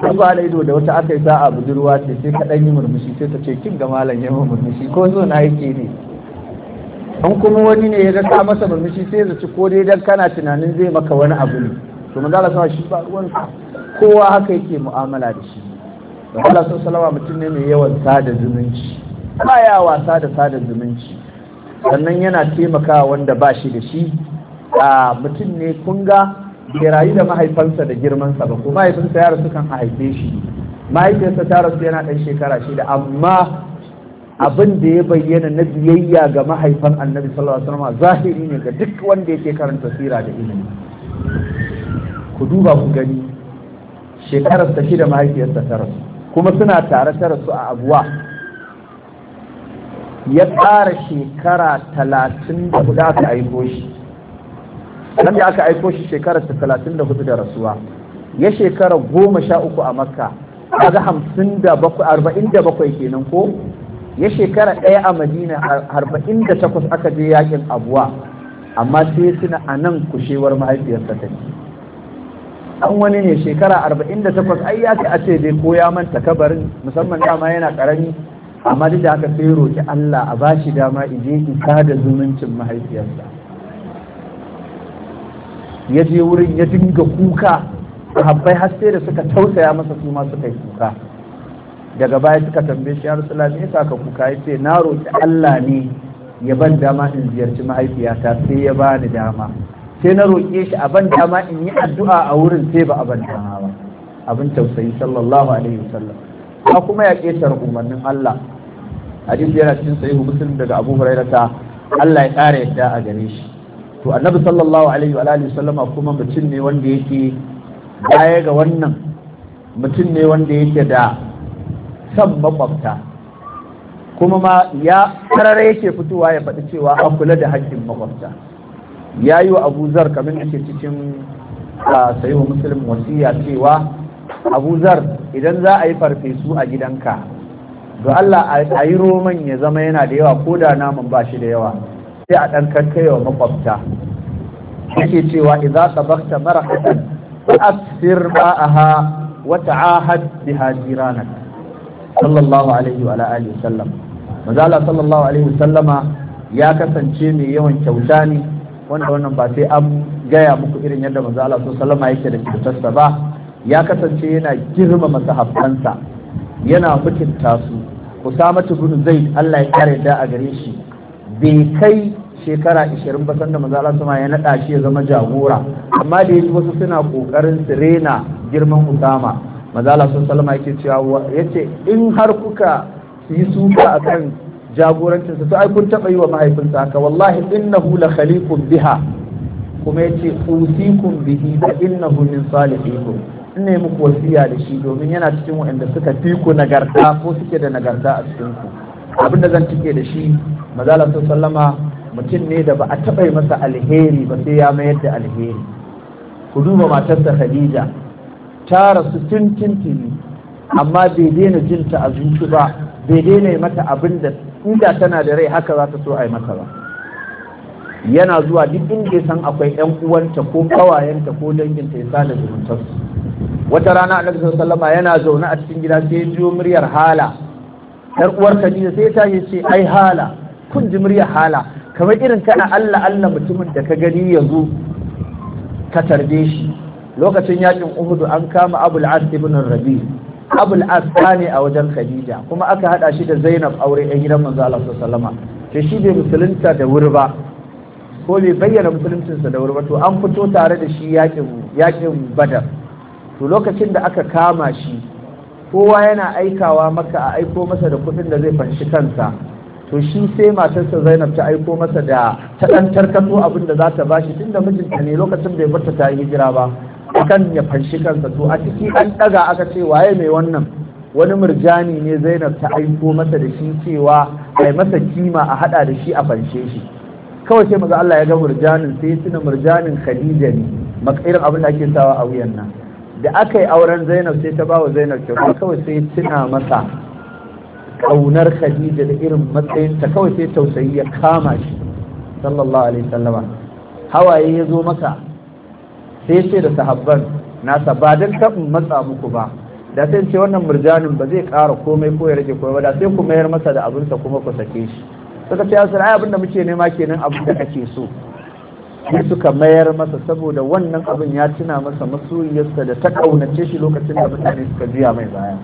ko ba ido da wata aka yi a budurwa ce sai ka yi murmushi sai ta ce kin ga malam ya murmushi ko zo na yake ne an kuma wani ne ya ga sa masa murmushi sai ya zaci ko dai dan kana tunanin zai maka wani abu ne to manzo Allah sama shi ba ruwan kowa haka yake mu'amala da shi da Allah sallallahu mutum ne mai yawan sada zumunci ya wasa da sada zumunci sannan yana taimakawa wanda ba shi da shi a mutum ne kunga bai rayu da mahaifansa da girmansa ba ko mahaifinsa ya rasu kan haife shi mahaifinsa ta rasu yana ɗan shekara shida amma abin da ya bayyana na biyayya ga mahaifan annabi sallallahu alaihi wasallam zahiri ne ga duk wanda yake karanta sira da ilimi ku duba ku gani shekarar ta shida mahaifiyarsa ta rasu kuma suna tare ta rasu a abuwa ya ƙara shekara talatin da hudu aka aiko shi nan da aka aiko shi shekarar ta talatin da hudu da rasuwa ya shekara goma sha uku a makka kaga hamsin da bakwai arba'in da bakwai kenan ko ya shekara ɗaya a madina arba'in da takwas aka je yakin abuwa amma sai suna a nan kushewar mahaifiyarsa ta an wani ne shekara arba'in da takwas ai ya ce a ce dai ko ya manta kabarin musamman dama yana karami amma duk da haka sai roƙi Allah a bashi dama ije in kada zumuncin mahaifiyarsa ya je wurin ya dinga kuka sahabbai har sai da suka tausaya masa su ma suka yi kuka daga baya suka tambaye shi ya rasulullah me yasa ka kuka Ya ce na roƙi Allah ne ya ban dama in ziyarci mahaifiyata sai ya bani dama sai na roƙe shi a ban dama in yi addu'a a wurin sai ba a ban dama ba abin tausayi sallallahu alaihi wasallam ka kuma ya ƙetar umarnin Allah hadisi yana cikin sahihu muslim daga Abu Hurairah ta Allah ya ƙara yadda a gare shi to annabi sallallahu alaihi wa alihi sallama kuma mutum ne wanda yake baya ga wannan mutum ne wanda yake da san makwabta kuma ma ya karare yake fitowa ya faɗi cewa an kula da haƙƙin makwabta ya yi wa abu kamar ake cikin sayi wa musulun wasiya cewa abu idan za a yi farfesu a gidanka ga Allah a yi roman ya zama yana da yawa ko da naman ba shi da yawa sai a ɗan kankayewa makwabta yake cewa idza tabakta marahatan fa asfir ma'aha wa ta'ahad biha jiranak sallallahu alaihi wa alihi wasallam manzala sallallahu alaihi wa wasallama ya kasance mai yawan kyauta ne wanda wannan ba sai an gaya muku irin yadda manzala sallallahu alaihi yake da ba ya kasance yana girmama sahabbansa yana mutunta su Usama ibn Zaid Allah ya kare da a gare shi bai kai shekara 20 ba sanda maza Allah sama ya naɗa shi ya zama jagora amma da yanzu wasu suna kokarin su rena girman Usama maza Allah salama yake cewa yace in har kuka yi suka kan jagorancinsa to ai kun taɓa yi wa mahaifinsa haka wallahi innahu la khaliqun biha kuma yace usikum bihi fa innahu min salihikum ne muku wasiya da shi domin yana cikin waɗanda suka fi ku nagarta ko suke da nagarta a cikin ku abin da zan cike da shi mazala sallama mutum ne da ba a taɓa masa alheri ba sai ya mayar da alheri ku duba matarsa khadija ta rasu tun amma bai daina jinta a zuci ba bai daina mata abin da inda tana da rai haka za ta so a yi mata ba yana zuwa duk inda san akwai yan uwanta ko kawayenta ko danginta ya sada zumuntarsu wata rana annabi wasallam yana zaune a cikin gida sai ya ji muryar hala yar uwar Khadija sai ta yi ce ai hala kun ji murya hala kamar irin kana Allah Allah mutumin da ka gani yanzu ka tarbe shi lokacin yakin Uhud an kama Abul As ibn Rabi Abul As ne a wajen Khadija kuma aka hada shi da Zainab aure ɗan gidan manzo Allah sallallahu alaihi shi bai musulunta da wuri ba ko bai bayyana musuluncinsa da wuri ba to an fito tare da shi yakin yakin Badar to lokacin da aka kama shi kowa yana aikawa maka a aiko masa da kudin da zai fanshi kansa to shi sai matarsa zainab ta aiko masa da ta kaso abin da za ta bashi da mijinta ne lokacin bai barta ta yi hijira ba akan ya fanshi kansa to a ciki an daga aka ce waye mai wannan wani murjani ne zainab ta aiko masa da shi cewa ai masa kima a hada da shi a fanshe shi kawai sai maza Allah ya ga murjanin sai ya tuna murjanin khadija ne makairin abin da ake sawa a wuyan nan da aka yi auren zainab sai ta bawa zainab kyauta kawai sai tuna masa kaunar khadija da irin matsayinta kawai sai tausayi ya kama shi sallallahu alaihi sallama hawaye ya zo masa sai ce da sahabban nasa ba don taɓin matsa muku ba da sai ce wannan murjanin ba zai ƙara komai ko ya rage komai ba da sai ku mayar masa da abinsa kuma ku sake shi suka ce asir ai abinda muke nema kenan abin da kake so sai suka mayar masa saboda wannan abin ya tuna masa masoyiyarsa da ta kaunace shi lokacin da mutane suka juya mai baya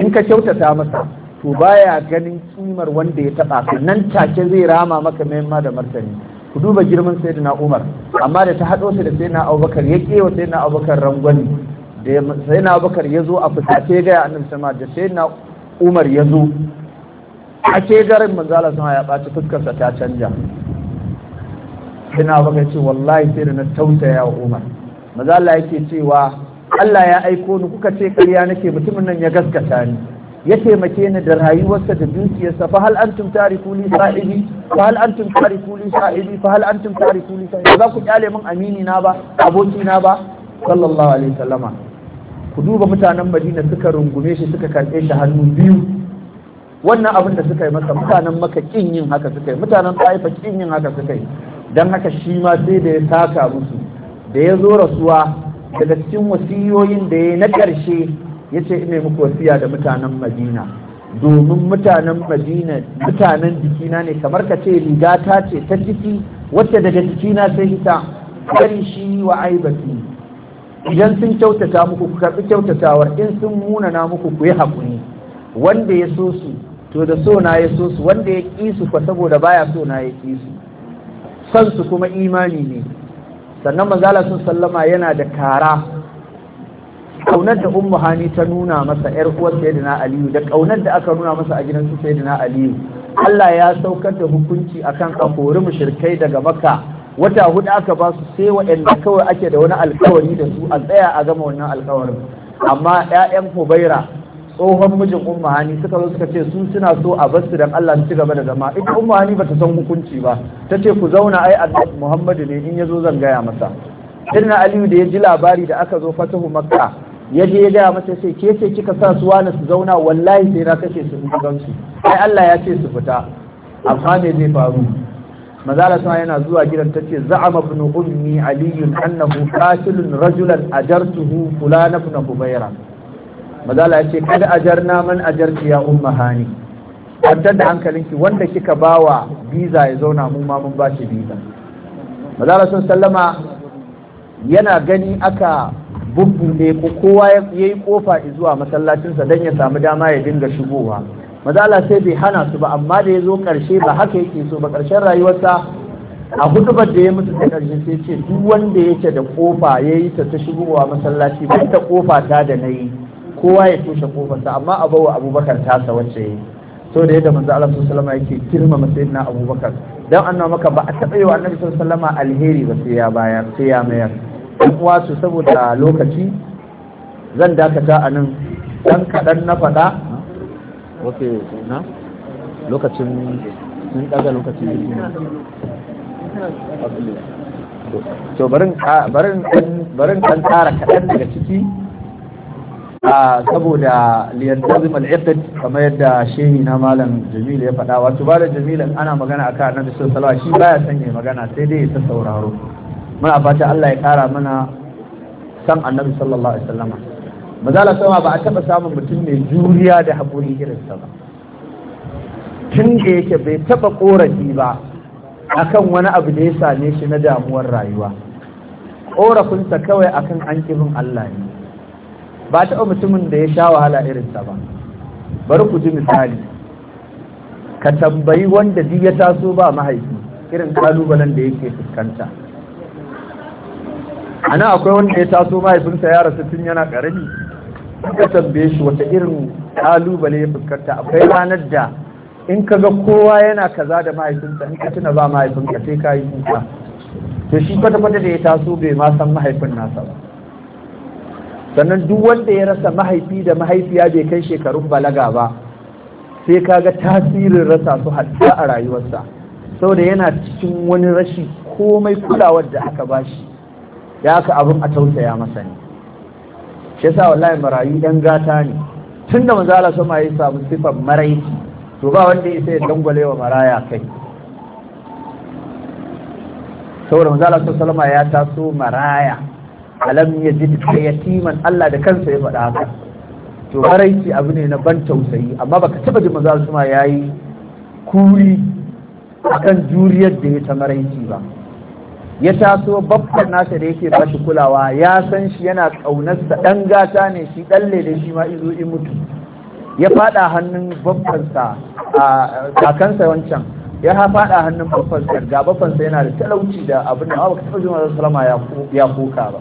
in ka kyautata masa to baya ganin kimar wanda ya taba ka nan take zai rama maka mayamma da martani ku duba girman sayyidina Umar amma da ta hado shi da sayyidina Abubakar ya kewa sayyidina Abubakar rangwani da sayyidina Abubakar ya zo a fusace ga annabi sama da sayyidina Umar ya zo a ce garin manzala sama ya ɓaci fuskarsa ta canja sai na baka ce wallahi sai da na tausaya wa umar maza Allah yake cewa Allah ya aiko ni kuka ce ƙarya nake mutumin nan ya gaskata ni ya taimake ni da rayuwarsa da dukiyarsa fa hal antum tariku li sa'ibi fa hal antum tariku li sa'ibi fa hal antum tariku li sa'ibi za ku kyale min amini na ba aboki na ba sallallahu alaihi wasallama ku duba mutanen Madina suka rungume shi suka karɓe shi hannu biyu wannan abin da suka yi masa mutanen maka kin yin haka suka yi mutanen Taifa kin yin haka suka yi don haka shi ma sai da ya saka musu da ya zo rasuwa daga cikin wasiyoyin da ya na ƙarshe ya ce ina muku wasiya da mutanen madina domin mutanen madina mutanen jikina ne kamar ka ce riga ta ce ta jiki wacce daga jikina sai hita kari shi wa aibati idan sun kyautata muku ku karɓi kyautatawar in sun munana muku ku yi haƙuri wanda ya so su to da so na ya so su wanda ya ƙi su fa saboda baya so na ya ƙi su sansu kuma imani ne sannan manzala sun sallama yana da kara kaunar da ummu hani ta nuna masa yar uwar sayyidina aliyu da kaunar da aka nuna masa a gidan su sayyidina aliyu Allah ya saukar da hukunci akan kafori mushrikai daga maka!" wata hudu aka ba su sai waɗanda kawai ake da wani alkawari da su a tsaya a gama wannan alkawarin amma 'ya'yan hubaira tsohon mijin umma hani suka zo suka ce su suna so a basu don dan Allah ci gaba da zama ita umma hani bata san hukunci ba ta ce ku zauna ai annabi Muhammadu ne in ya zo zan gaya masa Sirna Aliyu da ya ji labari da aka zo fatahu Makka ya je ya gaya masa sai ke ce kika sa su wani su zauna wallahi sai na kashe su in gansu ai Allah ya ce su fita amma me zai faru mazala sa yana zuwa gidan tace za'ama ibn ummi aliyun annahu qatilun rajulan ajartuhu fulana ibn hubayra mazala ya ce kada ajarna man jar ya umma hani kwantar da hankalinki wanda kika bawa biza ya zauna mu ma mun bashi biza mazala sun sallama yana gani aka bubbuɗe ko kowa ya yi kofa zuwa masallacinsa don ya samu dama ya dinga shigowa mazala sai bai hana su ba amma da ya zo ƙarshe ba haka yake so ba ƙarshen rayuwarsa a hudubar da ya mutu da karshe sai ce duk wanda yake da kofa ya yi ta ta shigowa masallaci ba ta kofa ta da na yi kowa ya toshe kofarsa amma a bawa abubakar tasa wacce yi so da yadda manzo Allah sallallahu alaihi yake girmama sayyidina abubakar dan annabi maka ba a taɓa yi wa annabi sallallahu alaihi alheri ba sai ya bayar sai ya mayar dan uwa su saboda lokaci zan dakata a nan dan kaɗan na faɗa okay na lokacin sun ɗaga lokacin to barin barin barin kan tsara kaɗan daga ciki saboda liyantazim al kamar yadda shehi na malam Jamilu ya faɗa wato ba da Jamilu ana magana akan annabi sallallahu alaihi shi baya son ya magana sai dai ya sauraro muna fata Allah ya kara mana san annabi sallallahu alaihi wasallam mazala sama ba a taba samun mutum mai juriya da haƙuri irin sa ba tun da yake bai taɓa ƙorafi ba akan wani abu da ya same shi na damuwar rayuwa Ƙorafinsa kawai akan an Allah ne ba taɓa mutumin da ya sha wahala irinsa ba bari ku ji misali ka tambayi wanda duk ya taso ba mahaifi irin kalubalen da yake fuskanta ana akwai wanda ya taso mahaifinsa ya rasu tun yana ƙarami ka tambaye shi wata irin kalubale ya fuskanta akwai ranar da in ka ga kowa yana kaza da mahaifinsa in ka tuna ba mahaifinka sai ka yi kuka to shi kwata-kwata da ya taso bai ma san mahaifin nasa ba sannan duk wanda ya rasa mahaifi da mahaifiya bai kai shekarun balaga ba sai ka ga tasirin rasa su hatta a rayuwarsa saboda yana cikin wani rashi komai kulawar da aka bashi ya aka abin a tausaya masa ne shi yasa wallahi marayu ɗan gata ne tun da manzo Allah ya samu sifar maraici to ba wanda ya sai dangwale wa maraya kai saboda manzo Allah salama ya taso maraya alam yajidka yatiman Allah da kansa ya faɗa haka to maraici abu ne na ban tausayi amma baka taba ji maza su ma yayi kuri akan juriyar da ya ta maraici ba ya taso babban nasa da yake bashi kulawa ya san shi yana kaunarsa Ɗan gata ne shi dan da shi ma izo in mutu ya fada hannun babbansa a kakansa wancan ya ha fada hannun babbansa ga babbansa yana da talauci da abin da ba ka taba ji maza salama ya kuka ba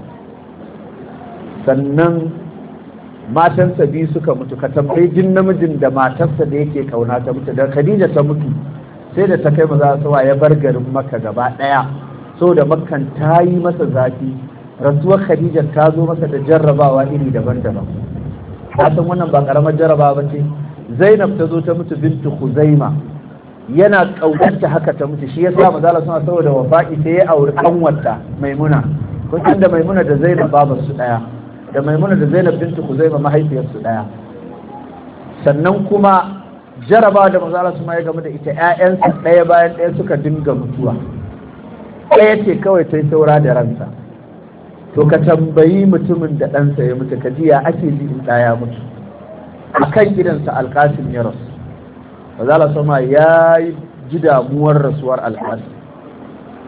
sannan matansa biyu suka mutu ka tambayi jin namijin da matarsa da yake kauna ta mutu da khadija ta mutu sai da ta kai maza suwa ya bar garin maka gaba daya so da makkan ta yi masa zafi rasuwar khadija ta zo masa da jarrabawa iri daban-daban ka san wannan ba karamar jarrabawa ba ce zainab ta zo ta mutu bintu huzaima yana kaunarta haka ta mutu shi ya sa maza suna saboda wafa'i sai ya auri kanwarta maimuna kun da maimuna da zainab babar su ɗaya. da maimuna da zainab bintu kuzaima mahaifiyarsu daya sannan kuma jaraba da maza su ma ya game da ita 'yayansa ɗaya bayan ɗaya suka dinga mutuwa ɗaya ce kawai ta yi saura da ransa to ka tambayi mutumin da ɗansa ya mutu ka ji ya ake ji in ɗaya mutu a kan gidansa alƙasim ya rasu maza su ma ya ji damuwar rasuwar alƙasim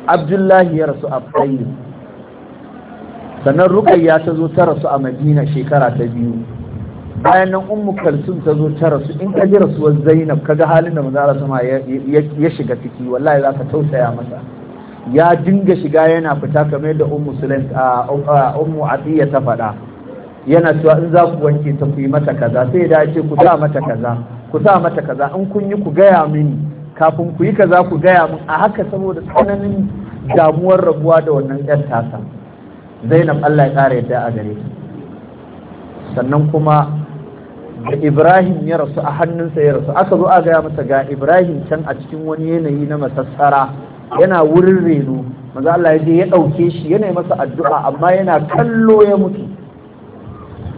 abdullahi ya rasu a tsayin sannan rukayya ta zo ta rasu a madina shekara ta biyu bayan nan ummu kalsum ta zo ta rasu in ka ji rasuwar zainab ka ga halin da manzara sama ya shiga ciki wallahi za ka tausaya masa ya dinga shiga yana fita kamar yadda ummu sulaim ummu atiya ta faɗa yana cewa in za ku wanke ta ku yi mata kaza sai da ce ku sa mata kaza ku sa mata kaza in kun yi ku gaya mini kafin ku yi kaza ku gaya min a haka saboda tsananin damuwar rabuwa da wannan 'yan tasa zainab allah ya ƙara yadda a gare sannan kuma da ibrahim ya rasu a hannunsa ya rasu aka zo a gaya masa ga ibrahim can a cikin wani yanayi na masassara yana wurin reno maza Allah ya je ya ɗauke shi yana yi masa addu'a amma yana kallo ya mutu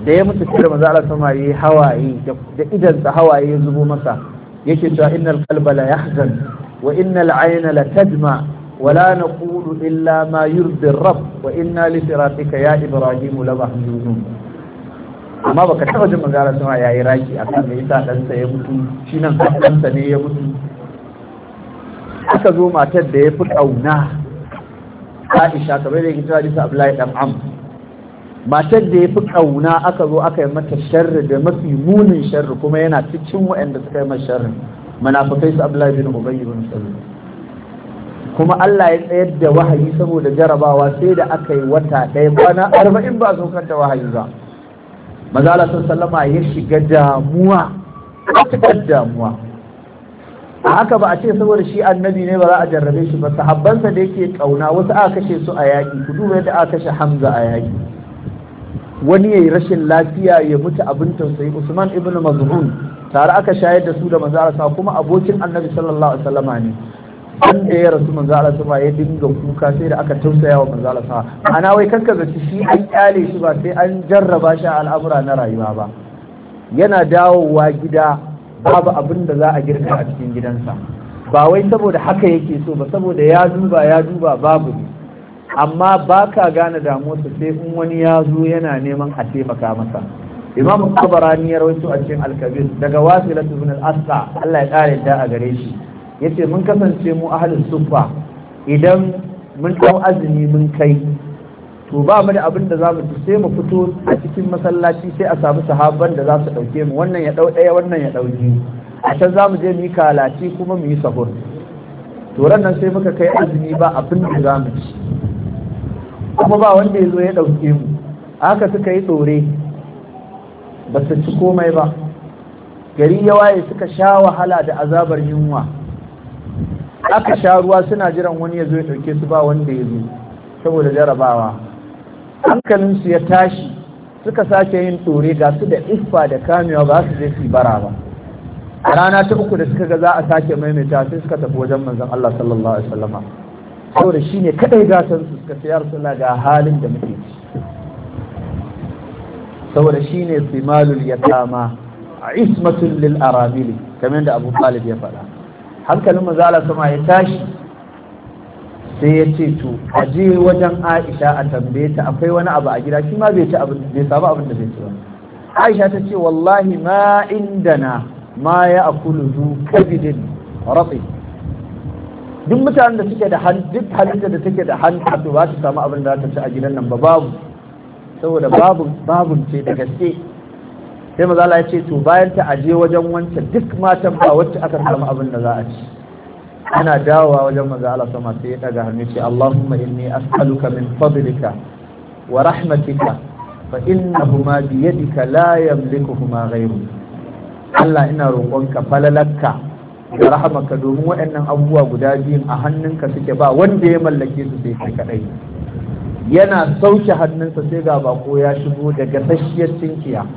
da ya mutu sai da maza Allah sama yi hawaye da idansa hawaye ya zubo masa yake cewa innal qalba la yahzan wa innal ayna la tadma ولا نقول إلا ما يرضي الرب وإنا لفراقك يا إبراهيم لمحزونون amma baka taba jin magana sun ya yi raki a kan me yasa ɗansa ya mutu shi nan ɗansa ne ya mutu aka zo matar da ya fi ƙauna Aisha kamar da yake cewa bisa Abdullahi dan Am matar da ya fi ƙauna aka zo aka yi mata sharri da mafi munin sharri kuma yana cikin wa'anda suka yi mata sharri munafikai su Abdullahi bin Ubay bin Salul kuma Allah ya tsayar da wahayi saboda jarabawa sai da aka yi wata ɗaya kwana arba'in ba saukar da wahayi ba mazala sun sallama ya shiga damuwa matuƙar damuwa a haka ba a ce saboda shi annabi ne ba za a jarrabe shi ba sahabbansa da yake ƙauna wasu aka kashe su a yaƙi ku duba yadda aka kashe hamza a yaƙi wani ya yi rashin lafiya ya mutu abin tausayi usman ibn mazhun tare aka shayar da su da manzo Allah kuma abokin annabi sallallahu alaihi wasallama ne an da ya rasu manzo Allah sama ya dinga kuka sai da aka tausaya wa manzo Allah sama ana wai kanka zaci shi an kyale shi ba sai an jarraba shi a al'amura na rayuwa ba yana dawowa gida babu abin da za a girka a cikin gidansa ba wai saboda haka yake so ba saboda ya duba ya duba babu amma ba ka gane damuwarsa sai in wani ya zo yana neman a taimaka masa imam kabarani ya rawaito a cikin alkabir daga wasilatu ibn al-asqa Allah ya kare da a gare shi Ya ce mun kasance mu halin sufa idan mun dau azumi mun kai to ba mu da abin da za mu ci sai mu fito a cikin masallaci sai a samu sahabban da za su ɗauke mu wannan ya ɗau ɗaya wannan ya ɗau biyu a can za mu je mu yi kalaci kuma mu yi sahur to nan sai muka kai azumi ba abin da za mu ci kuma ba wanda ya zo ya ɗauke mu aka suka yi tsore ba su ci komai ba gari ya waye suka sha wahala da azabar yunwa aka sha ruwa suna jiran wani ya zo ya ɗauke su ba wanda ya zo saboda jarabawa hankalinsu ya tashi suka sake yin tsore ga su da iffa da kamewa ba su je su bara ba a rana ta uku da suka ga za a sake maimaita sai suka tafi wajen manzon Allah sallallahu alaihi wasallama saboda shine kadai san su suka sayar suna ga halin da muke ci saboda shine simalul yatama ismatul lil arabili kamar da Abu Talib ya faɗa hankalin manzala sama ya tashi sai ya ce to a wajen aisha a tambaye ta akwai wani abu a gida shi ma bai ci abin bai samu abin da bai ci ba aisha ta ce wallahi ma indana ma ya akulu zu kabidin rafi duk mutanen da suke da hannu duk halitta da take da hannu to ba su samu abin da za ta ci a gidan nan ba babu saboda babu babun ce da gaske sai maza Allah ya ce to bayan ta aje wajen wancan duk matan ba wacce aka samu abin da za a ci ana dawowa wajen maza Allah sama sai ya daga hannu ce Allahumma inni as'aluka min fadlika wa rahmatika fa innahuma bi yadika la yamlikuhuma ghayru Allah ina roƙonka falalakka da rahamaka domin waɗannan abubuwa guda biyun a hannunka suke ba wanda ya mallake su sai kai kadai yana sauke hannunsa sai ga bako ya shigo daga sashiyar cinkiya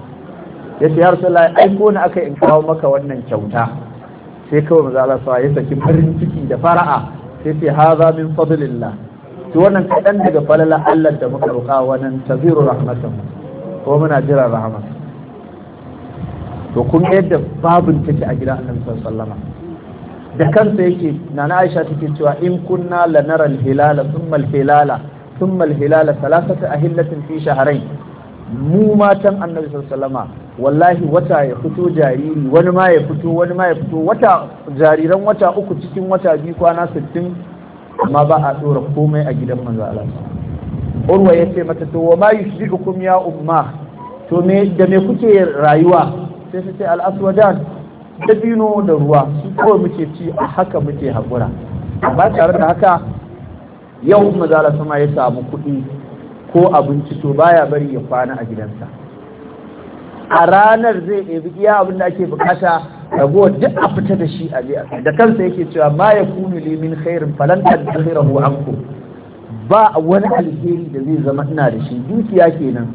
ya ce ya rasulullah ai ko na aka in kawo maka wannan kyauta sai kawai maza Allah sa ya saki farin ciki da fara'a sai ce haza min fadlillah to wannan kadan daga falala Allah da muka roƙa wannan taziru rahmatan ko muna jira rahama to kun yadda babin take a gidan Annabi sallallahu alaihi da kansa yake nana aisha take cewa in kunna lanara alhilala thumma alhilala thumma alhilala thalathata ahillatin fi shahrayn mu matan annabi sallallahu alaihi wallahi wata ya fito jariri wani ma ya fito wani ma ya fito wata jariran wata uku cikin wata biyu kwana sittin amma ba a tsora komai a gidan manzo Allah urwa ya ce mata to wa ma yusbihukum ya umma to me da me kuke rayuwa sai sai al-aswadan dabino da ruwa su ko muke ci a haka muke hakura amma tare da haka yau manzo Allah sama ya samu kuɗi ko abinci to baya bari ya kwana a gidansa a ranar zai ɗebi iya abin da ake bukata rago duk a fita da shi a biya da kansa yake cewa ma ya kunu li min khairin rahu an ku ba wani alheri da zai zama ina da shi dukiya kenan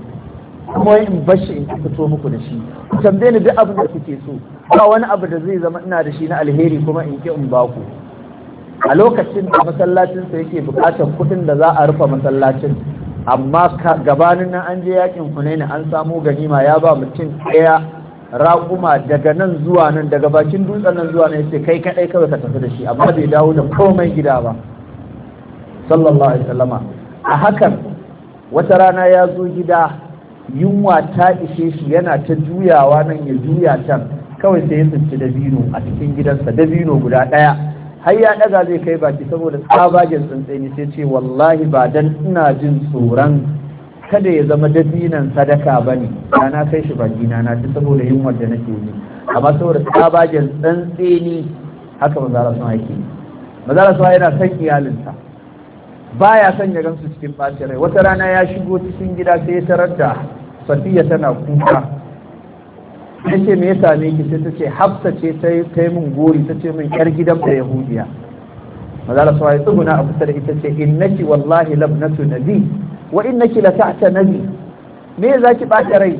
kuma in bashi in fito muku da shi ku tambaye ni duk abin da kuke so ba wani abu da zai zama ina da shi na alheri kuma in ki in baku a lokacin da masallacinsa yake bukatar kuɗin da za a rufe masallacin amma gabanin nan an je yakin hunaini an samu ganima ya ba mutum ɗaya raƙuma daga nan zuwa nan daga bakin dutsen nan zuwa nan ya ce kai kaɗai kawai ka tafi da shi amma bai dawo da komai gida ba sallallahu alaihi a hakan wata rana ya zo gida yunwa ta ishe shi yana ta juyawa nan ya juya can kawai sai ya tsinci dabino a cikin gidansa dabino guda ɗaya har ya ɗaga zai kai baki saboda tsabagen tsantsani sai ce wallahi ba dan ina jin tsoron kada ya zama dabinan sadaka ba ne na kai shi baki na ci saboda yin wanda nake yi amma saboda tsabagen tsantsani haka mazara sun aiki a sun yana son iyalinsa Ba ya son ya gansu cikin ɓacin rai wata rana ya shigo cikin gida sai ya tarar da safiya tana kuka ta ce me ya same ki sai ta ce hafsa ce ta yi min gori ta ce min yar gidan da yahudiya maza da sawa ya tsuguna a kusa da ita ce innaki wallahi labnatu nabi wa innaki la ta'ta nabi me za ki ɓata rai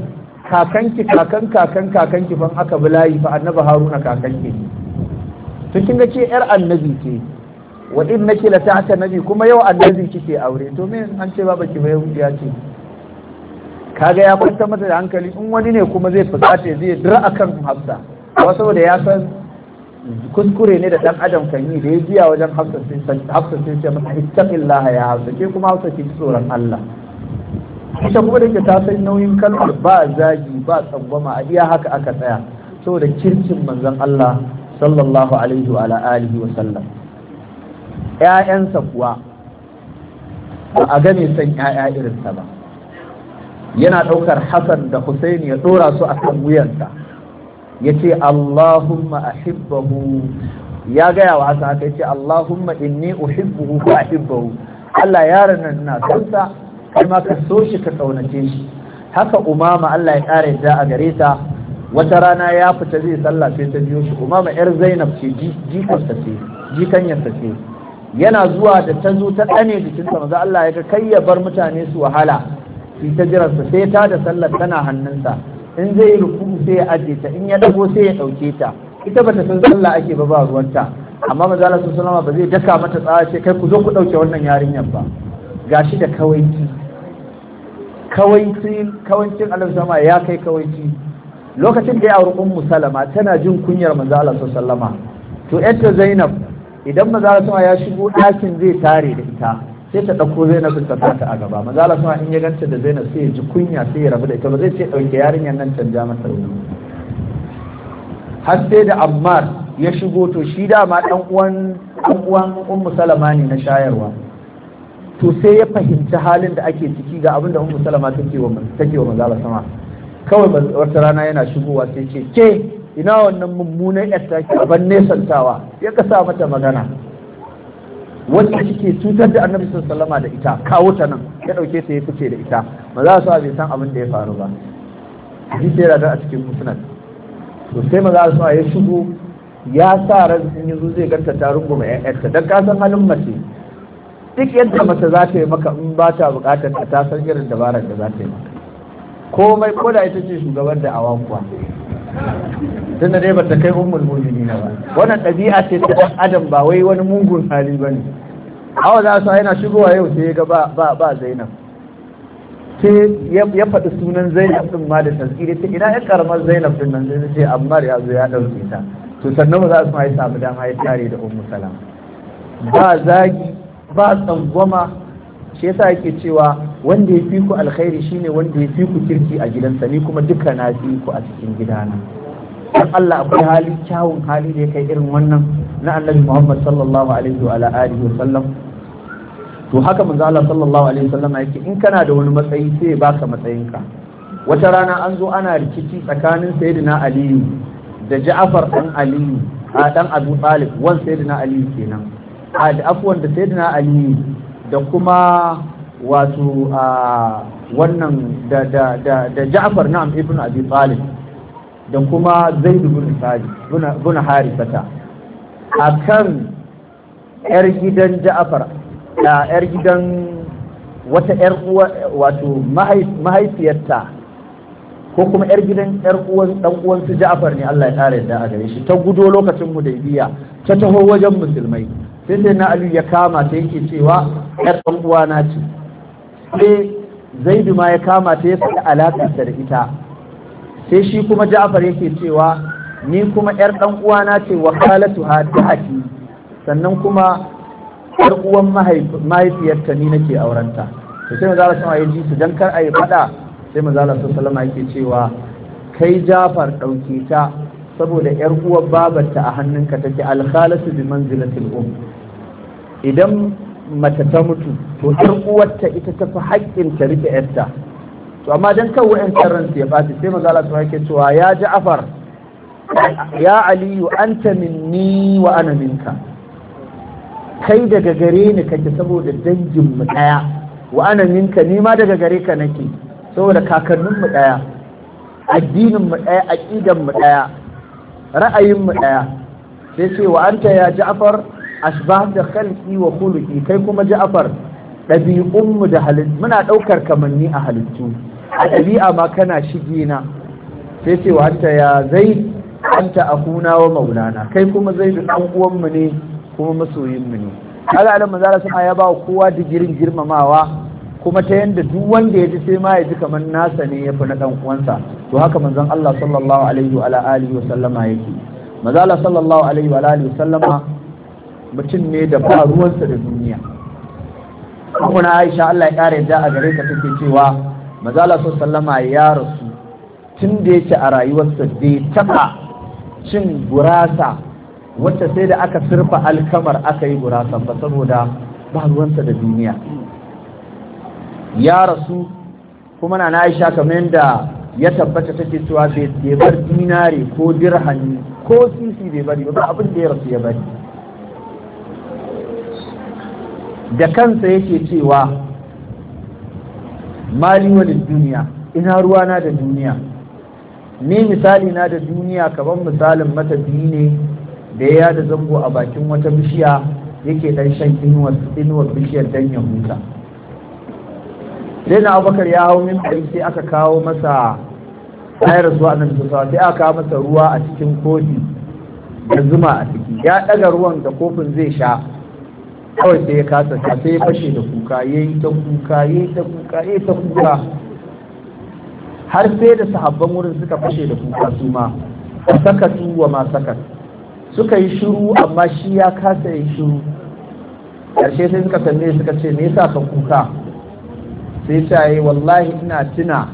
kakanki kakan kakan kakanki ban aka bi layi fa annabi haruna kakanki to kin ga ce yar annabi ce wa innaki la ta'ta nabi kuma yau annabi kike aure to me an ce baba ki ba yahudiya ce kaga ya kwanta mata da hankali in wani ne kuma zai fusace zai dira akan hafsa kuma saboda ya san kuskure ne da dan adam kan yi da ya biya wajen hafsa sai hafsa sai ce mata ittaqillaha ya hafsa ke kuma hafsa ki tsoron Allah ita kuma da ta san nauyin kalmar ba zagi ba tsangwama a iya haka aka tsaya saboda kirkin manzon Allah sallallahu alaihi wa alihi wa sallam ƴaƴansa kuwa ba a gane san ƴaƴa irinsa ba yana ɗaukar Hassan da Hussein ya ɗora su a kan wuyansa ya ce Allahumma a shibbahu ya gaya wa Hassan haka ya ce Allahumma inni ko a shibbahu Allah yaron nan ina son kai ma ka so shi ka ƙaunace shi haka Umama Allah ya ƙara yadda a gare ta wata rana ya fita zai sallah sai ta biyo shi Umama yar Zainab ce jikarsa ce jikanyarsa ce yana zuwa da ta zo ta ɗane jikinsa maza Allah ya ga kai ya bar mutane su wahala su ta jiransa sai ta da sallar tana hannunsa in zai yi ruku sai ya ajiye ta in ya dago sai ya ɗauke ta ita bata san sallah ake ba ba ruwanta amma maza Allah sallama ba zai daka mata tsaya ce kai ku zo ku ɗauke wannan yarinyar ba gashi da kawaici kawaicin kawancin Allah sama ya kai kawaici lokacin da ya auri ummu salama tana jin kunyar manzo Allah sallama to ƴarta Zainab idan maza Allah ya shigo ɗakin zai tare da ita sai ta ɗauko zainab ta ta a gaba maza la in ya ganta da zainab sai ya ji kunya sai ya rabu da ita ba zai ce ɗauke yarinyar nan canja masa wani har sai da ammar ya shigo to shi dama ɗan uwan ɗan uwan ummu salama ne na shayarwa to sai ya fahimci halin da ake ciki ga abin da ummu salama take wa take wa maza sama kawai wata rana yana shigowa sai ce ke ina wannan mummunan yatta ki aban nesantawa ya kasa mata magana wanda kike cutar da annabi sallama da ita kawo ta nan ya dauke ta ya fice da ita ba za su bai san abin da ya faru ba shi yana da a cikin musnad to sai maza su ya shigo ya sa ran in yazo zai ganta ta runguma ƴaƴarta dan ka san halin mace duk yadda mace za ta yi maka in ba ta bukatar ta san irin dabarar da za ta yi maka komai ko da ita ce shugaban da awan kuwa tunda dai bata kai mulmini na ba wannan ɗabi'a ce ta adam ba wai wani mungun hali bane hawa za su yana shigowa yau sai ga ba ba ba Zainab sai ya faɗi sunan Zainab din ma da tazkiri ta ina yan karamar Zainab din nan sai ce amma ya zo ya dauke ta to sannan ba za su mai samu dama ya tare da ummu salama ba zagi ba tsangwama shi yasa yake cewa wanda ya fi ku alkhairi shine wanda ya fi ku kirki a gidansa ni kuma duka na fi ku a cikin gidana dan Allah akwai hali kyawun hali da ya kai irin wannan na annabi Muhammad sallallahu alaihi wa alihi wasallam to haka manzo Allah sallallahu alaihi wasallam yake in kana da wani matsayi sai ya baka matsayinka wata rana an zo ana rikici tsakanin sayyidina Ali da Ja'far dan Ali a dan Abu Talib wan sayyidina Ali kenan a da afwan da sayyidina Ali da kuma wato a wannan da ja'afar da na'am ibn Abi Talib da kuma Zaidu bin Thabit a kan yar gidan ja'afar da yar gidan wata yar uwa wato mahaifiyarta ko kuma yar gidan yar uwan dan uwan su ja'afar ne Allah ya tare da a gare shi ta gudo lokacin biya ta taho wajen musulmai sai sai na Ali ya kama ta yake cewa yar dan uwa na ce sai zaidu ma ya kama ta ya faɗi alaƙa da ita sai shi kuma ja'far yake cewa ni kuma yar dan uwana ce wa halatu hadati sannan kuma yar uwan mahaifiyarta ni nake aurenta to sai manzo Allah ya ji su dan kar ayi faɗa sai manzo Allah sallallahu alaihi yake cewa kai Jafar ɗauke ta saboda yar uwar babarta a hannunka take al khalatu bi manzilatil um idan mace ta mutu to har uwarta ita ta fi haƙƙin ta rike yarta to amma dan kan wa'in ran ya fati sai maza Allah ta cewa ya Ja'far ya Aliyu anta minni wa ana minka kai daga gare ni kake saboda dangin mu daya wa ana minka ni ma daga gare ka nake saboda kakannin mu daya addinin mu daya aqidan mu daya ra'ayin mu daya sai ce wa anta ya Ja'far asbah da khalqi wa khuluqi kai kuma ja'far ɗabi'un mu da halittu muna ɗaukar kamanni a halittu a ɗabi'a ma kana shige na sai ce wa ya zai anta akuna wa maulana kai kuma zai da ɗan uwan mu ne kuma masoyin mu ne kaga alam manzara sun ya ba kowa digirin girmamawa kuma ta yanda duk wanda ya ji sai ma ya ji kamar nasa ne ya fi na ɗan uwansa to haka manzon Allah sallallahu alaihi wa alihi wa sallama yake manzo Allah sallallahu alaihi wa alihi wa sallama mutum ne da ba ruwansa da duniya kuna aisha Allah ya kare da a gare ta take cewa mazala so sallama ya rasu tun da yake a rayuwarsa bai taba cin gurasa wacce sai da aka surfa alkamar aka yi gurasa ba saboda ba ruwansa da duniya ya rasu kuma na aisha kamar yanda ya tabbata take cewa bai bar dinare ko dirhami ko sisi bai bari ba abin da ya rasu ya bari da kansa yake cewa mali wani duniya ina na da duniya ni misali na da duniya kamar misalin matafiyi ne da ya da zango a bakin wata bishiya yake dan shan inuwar bishiyar dan ya huta sai na abubakar ya hau min sai aka kawo masa ayar su a nan sai aka kawo masa ruwa a cikin kodi da zuma a ciki ya ɗaga ruwan da kofin zai sha kawai sai ya kasa ta sai ya fashe da kuka ya yi ta kuka ya yi ta kuka ya yi ta kuka har sai da sahabban wurin suka fashe da kuka su ma sakatu wa ma sakat suka yi shiru amma shi ya kasa yi shiru ƙarshe sai suka sanne suka ce me yasa ka kuka sai ta yi wallahi ina tuna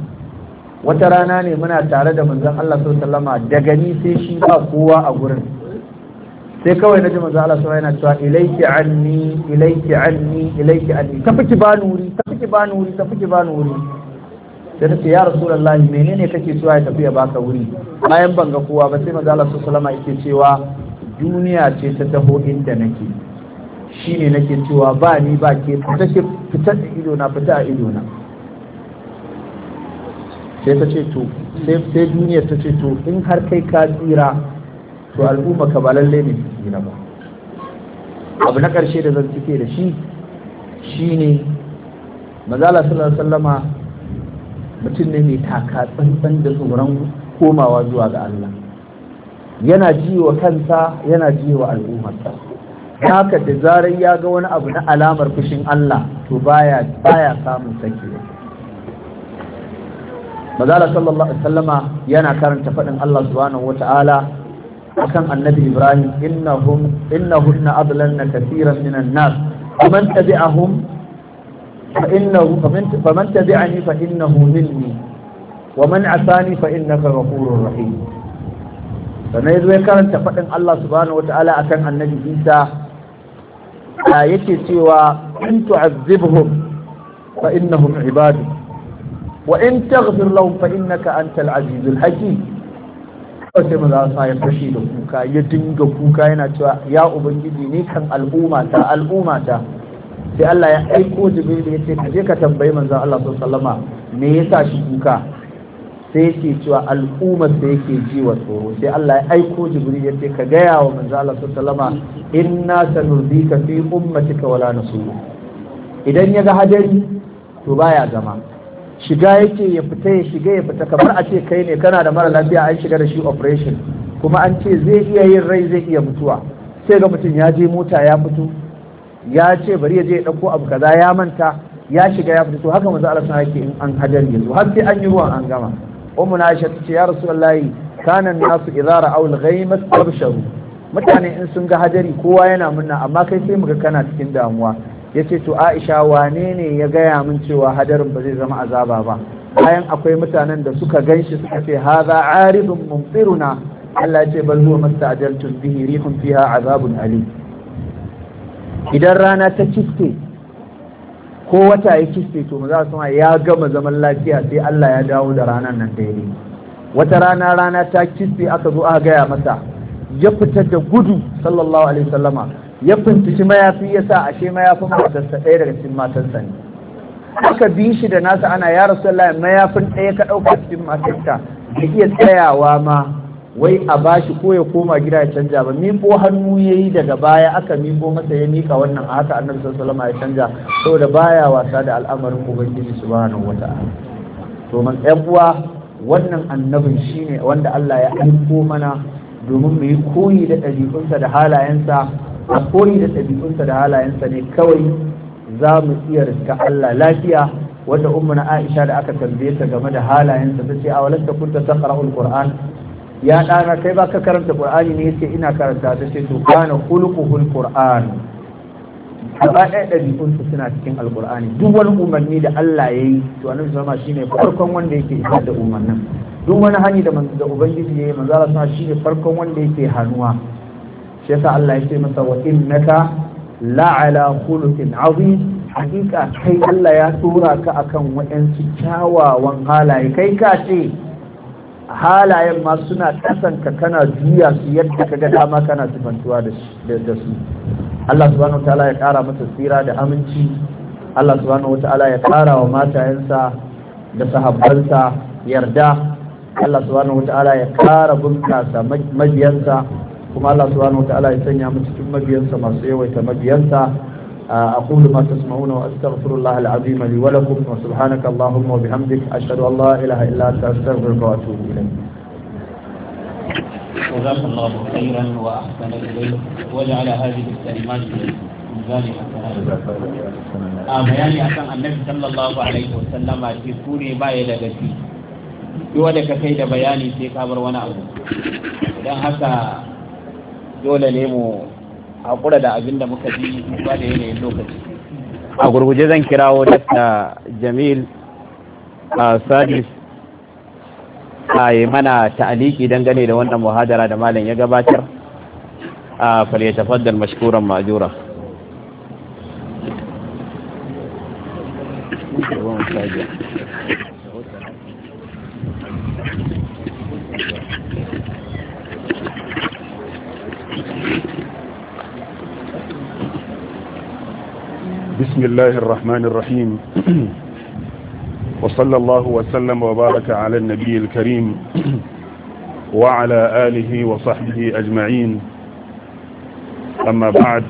wata rana ne muna tare da manzon Allah sallallahu alaihi daga ni sai shi ba kowa a gurin sai kawai na ji manzo Allah sallallahu yana cewa ilayki anni ilayki anni ilayki anni tafiki ba nuri tafiki ba nuri tafiki ba nuri sai nace ya rasulullahi menene kake cewa ya tafi ya baka wuri bayan ban ga kowa ba sai manzo Allah sallallahu alaihi yake cewa duniya ce ta taho inda nake shine nake cewa ba ni ba ke fita ke fita da ido na fita a ido na sai ta ce to sai duniyar ta ce to in har kai ka tsira to al'umma ka ba lalle ne su na ba abu na ƙarshe da zan cike da shi shi ne. mazala sallallahu sallama mutum ne mai taka tsantsan da tsoron komawa zuwa ga Allah yana ji wa kansa yana ji wa al'ummarsa haka da zarar ya ga wani abu na alamar fushin Allah to baya baya samun sake mazala sallallahu sallama yana karanta faɗin Allah subhanahu wata'ala akan annabi ibrahim innahum innahunna adlanna kaseeran minan nas faman tabi'ahum fa innahu faman tabi'ani fa innahu minni wa man asani fa innaka ghafurur rahim sannan yazo ya karanta fadin Allah subhanahu Ta'ala akan annabi Isa yake cewa in tu'azzibhum fa innahum ibadu wa in taghfir lahum fa innaka antal azizul hakim sai maza sa ya fashe da kuka ya dinga kuka yana cewa ya ubangiji ne kan al'umma ta sai Allah ya aiko jibril ya ce kaje ka tambayi manzo Allah wasallama me yasa shi kuka sai yake cewa al'ummar da yake ji wa tsoro sai Allah ya aiko jibril ya ce ka gaya wa manzo Allah wasallama inna sanurdika fi ummatika wala nasu idan ya ga hadari to baya zama shiga yake ya fita ya shiga ya fita kamar a ce kai ne kana da mara lafiya an shiga da shi operation kuma an ce zai iya yin rai zai iya mutuwa sai ga mutum ya je mota ya fito ya ce bari ya je ya ɗauko abu kaza ya manta ya shiga ya fito haka manzo Allah sana yake in an hadar yanzu har sai an yi ruwan an gama ummu na Aisha ce ya rasulullahi kana nasu idza aul al-ghayma tabsharu mutane in sun ga hadari kowa yana murna amma kai sai muga kana cikin damuwa ya ce to aisha wane ne ya gaya min cewa hadarin ba zai zama azaba ba bayan akwai mutanen da suka ganshi suka ce haza aridun mumfiruna Allah ce bal huwa masta'jaltum bihi rihun fiha azabun alim idan rana ta kiste ko wata ya kiste to maza su ya gama zaman lafiya sai Allah ya dawo da ranar nan daidai wata rana rana ta kiste aka zo aka gaya masa ya fitar da gudu sallallahu alaihi wasallama ya binciki mayafi ya sa ashe mayafin matarsa ɗaya daga cikin matarsa ne aka bi shi da nasa ana ya rasulallah mayafin ɗaya ka ɗauka cikin matarsa da iya tsayawa ma wai a bashi ko ya koma gida ya canja ba miƙo hannu ya yi daga baya aka miko masa ya mika wannan a haka annabi sallallahu alaihi ya canja saboda baya wasa da al'amarin ubangiji subhanahu wata'ala to man ɗan uwa wannan annabin shine wanda Allah ya aiko mana domin mu yi koyi da ɗabi'unsa da halayensa a koyi da ɗabi'unsa da halayensa ne kawai za mu iya riska Allah lafiya wanda ummuna Aisha da aka tambaye ta game da halayensa ta ce a walasta kunta taqra'ul Qur'an ya dana kai ba ka karanta Qur'ani ne yace ina karanta ta ce to kana khuluquhul Qur'an gaba ɗaya ɗabi'unsa suna cikin alƙur'ani duk wani umarni da Allah ya yi to annabi sama shine farkon wanda yake isar da umarnin duk wani hani da da ubangiji ya yi manzo Allah shine farkon wanda yake hannuwa shi yasa Allah ya ce masa wa innaka la'ala khuluqin azim hakika kai Allah ya tura ka akan wayansu kyawawan halaye kai ka ce halayen ma suna ka, kana juya su yadda ka ga dama kana sifantuwa da su Allah subhanahu wataala ya kara masa tsira da aminci Allah subhanahu wataala ya kara wa matayensa da sahabbansa yarda Allah subhanahu wataala ya kara bunkasa mabiyansa kuma Allah subhanahu wataala ya sanya mu cikin mabiyansa masu yawaita mabiyansa أقول ما تسمعون وأستغفر الله العظيم لي ولكم وسبحانك اللهم وبحمدك أشهد أن لا إله إلا أنت أستغفرك وأتوب إليك جزاك الله خيرا وأحسن إليك وجعل هذه الكلمات ميزان حسنا بياني أكن النبي صلى الله عليه وسلم في سوري ما يلغتي duk wanda ka kai da bayani sai ka bar wani abu idan haka dole ne mu haƙura da abin da muka ji ba da yanayin lokaci a gurguje zan kirawo dakta jamil a sadis a yi mana ta'aliki dangane da wannan muhadara da malam ya gabatar a falle tafaddar mashkuran majura الله الرحمن الرحيم وصلى الله وسلم وبارك على النبي الكريم وعلى آله وصحبه أجمعين أما بعد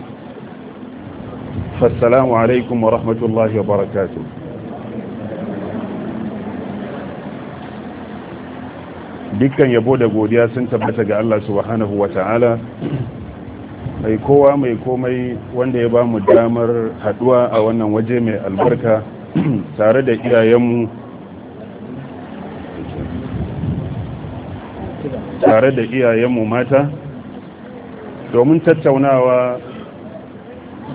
فالسلام عليكم ورحمة الله وبركاته dukkan يبود قوديا سنتبتك الله سبحانه وتعالى mai kowa mai komai wanda ya ba mu damar haduwa a wannan waje mai albarka tare da iyayenmu tare da iyayenmu mata domin tattaunawa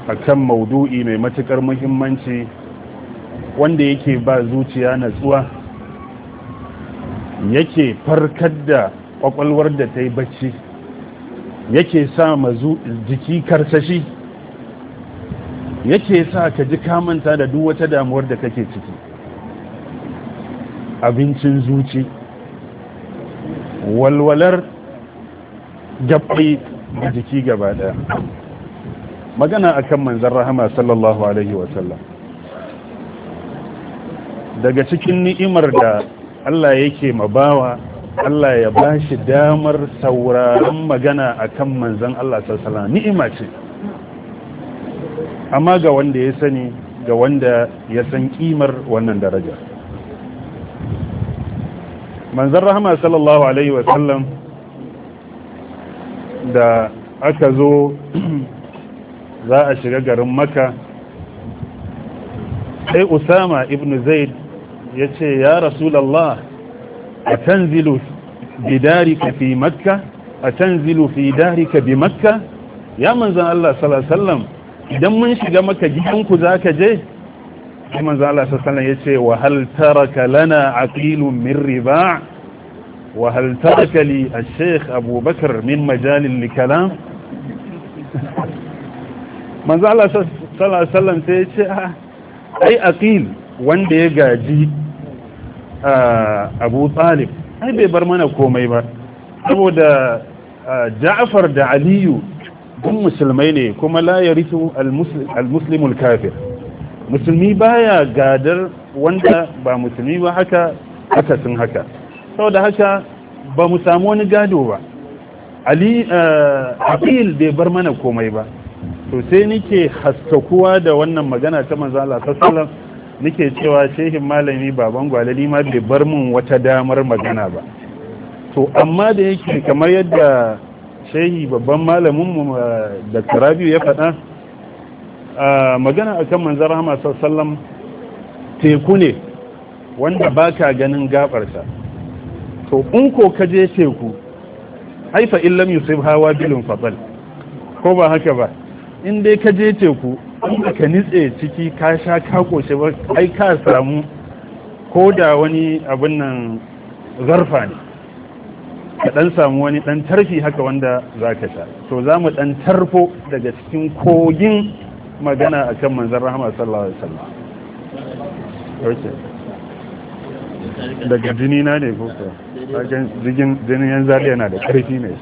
akan maudu'i mai matukar muhimmanci wanda yake ba zuciya natsuwa yake farkar da kwakwalwar da ta yi bacci yake sa mazu jiki karsashi yake sa ka ji kamanta da duk wata damuwar da kake ciki abincin zuci walwalar gabai da jiki gaba daya magana akan manzan rahama sallallahu alaihi wasallam daga cikin ni'imar da Allah yake mabawa Allah ya ba shi damar sauraron magana a kan manzan Allah sassala ni'ima ce amma ga wanda ya sani ga wanda ya san kimar wannan daraja manzan rahama sallallahu alaihi wasallam da aka zo za a shiga garin maka sai usama ibn zaid ya ce ya rasulallah أتنزل بدارك في مكة أتنزل في دارك بمكة يا منزل الله صلى الله عليه وسلم idan mun shiga maka gidanku za ka je kuma zala sassanin ya ce wahal taraka lana aqilun min riba wahal taraka li al-sheikh abubakar min majalin likalam manzala sassanin sai ya ce ai aqil wanda ya gaji abu talib ai bai bar mana komai ba saboda Jafar da aliyu dun musulmai ne kuma la ya ritu al-muslimul kafir musulmi baya gadar wanda ba musulmi ba haka haka sun haka saboda haka ba mu samu wani gado ba ali bai bar mana komai ba to sai haskakuwa da wannan magana ta manzala Allah nake cewa shehin malami baban gwalali ma bai bar mun wata damar magana ba to amma da yake kamar yadda shehi babban malaminmu uh, da karabiyu ya faɗa uh, magana akan manzan rahama sallam teku ne wanda baka ganin gabarsa to in ko ka je teku haifa illam yusuf hawa bilin fadal ko ba haka ba in dai ka je teku inda ka nitse ciki ka sha ka koshe ba ai ka samu ko da wani abin nan zarfa ne ka dan samu wani dan tarfi haka wanda za ka sha to za mu dan tarfo daga cikin kogin magana kan manzan rahama sallallahu alaihi wasallam daga jini na ne ko ka jini yan zaɗi yana da ƙarfi ne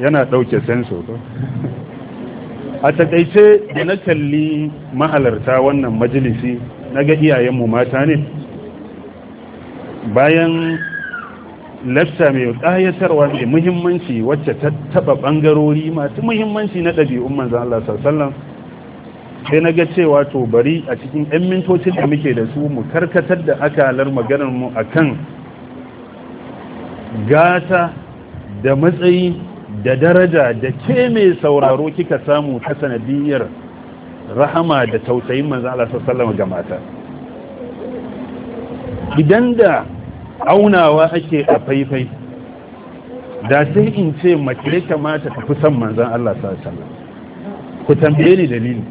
yana ɗauke senso a taƙaice da na kalli mahalarta wannan majalisi na ga iyayenmu mata ne bayan lafta mai ƙayatarwa mai muhimmanci wacce ta taɓa ɓangarori masu muhimmanci na ɗabi'un manzan Allah sallallahu sai na ga cewa to bari a cikin 'yan mintocin da muke da su mu karkatar da aka akalar maganar mu kan gata da matsayi da daraja da ke mai sauraro kika samu ta sanadiyar rahama da tausayin manzan Allah sallama ga mata idan da aunawa ake a faifai da sai in ce mace kamata ta fi son manzan Allah sallama ku tambaye ni dalili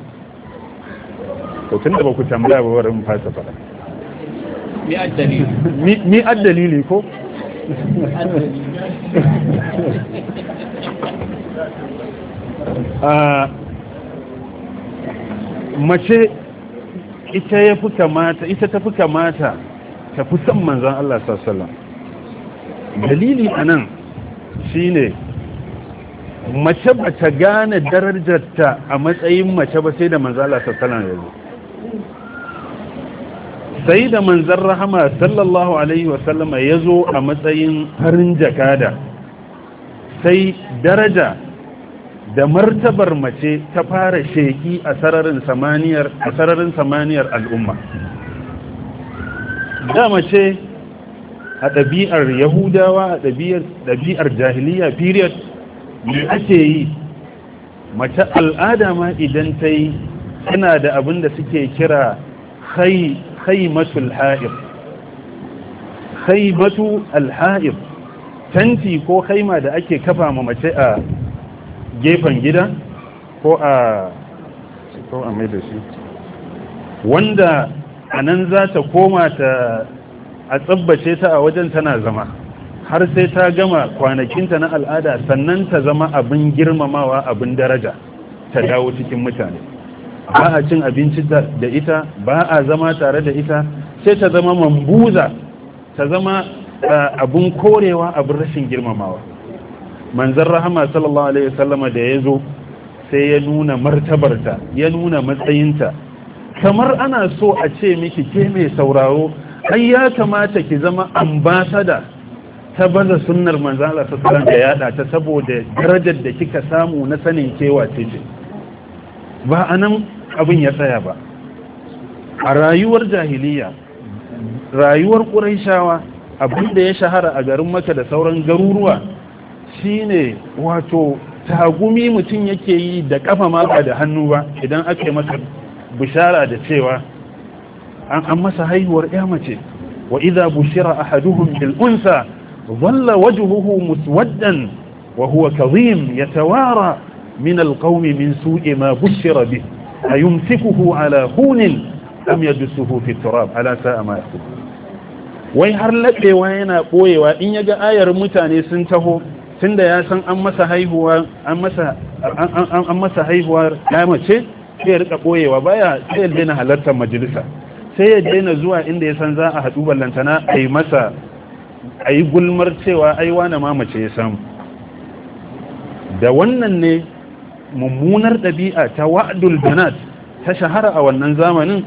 to da ba ku tambaya ba warin fasa fara mi addalili ko mace ita ya fi kamata ita ta fi kamata ta fi son manzan Allah sassalam dalili a nan shi ne mace ba ta gane darajarta a matsayin mace ba sai da manzan Allah sassalam ya zo sai da manzan rahama sallallahu alaihi wasallama ya zo a matsayin harin jakada sai daraja da martabar mace ta fara sheki a sararin samaniyar a sararin samaniyar al'umma da mace a ɗabi'ar yahudawa a ɗabi'ar jahiliya period me ake yi mace al'ada ma idan ta yi tana da abin da suke kira hai khaymatul ha'ir al-ha'ir tanti ko khaima da ake kafa ma mace a gefen gida ko a ko a mai da shi wanda anan za ta koma ta a tsabbace ta a wajen tana zama har sai ta gama kwanakinta na al'ada sannan ta zama abin girmamawa abin daraja ta dawo cikin mutane ba a cin abinci da ita ba a zama tare da ita sai ta zama mambuza ta zama abun korewa abin rashin girmamawa manzan rahama sallallahu alaihi wasallama da ya zo sai ya nuna martabarta ya nuna matsayinta kamar ana so a ce miki ke mai sauraro ai ya kamata ki zama ambasada ta baza sunnar manzala ta tsaron da yada ta saboda darajar da kika samu na sanin kewa ce ba a nan abin ya tsaya ba a rayuwar jahiliya rayuwar ƙuraishawa abin da ya shahara a garin maka da sauran garuruwa shine wato tagumi mutum yake yi da kafa maka da hannu ba idan aka masa bishara da cewa an an masa haihuwar ya mace wa iza bushira ahaduhum bil unsa dhalla wajhuhu muswaddan wa huwa kadhim yatawara min al min su'i ma bushira bihi ayumsikuhu ala hunin am yadsuhu fi turab ala sa'a ma wai har labewa yana ɓoyewa in ya ga ayar mutane sun taho tunda ya san an masa haihuwa an masa an masa haihuwar ya mace sai ya rika boyewa baya sai ya daina halartar majalisa sai ya daina zuwa inda ya san za a haɗu ballantana a yi masa a yi gulmar cewa ai wane mamace ya samu da wannan ne mummunar ɗabi'a ta wa'adul banat ta shahara a wannan zamanin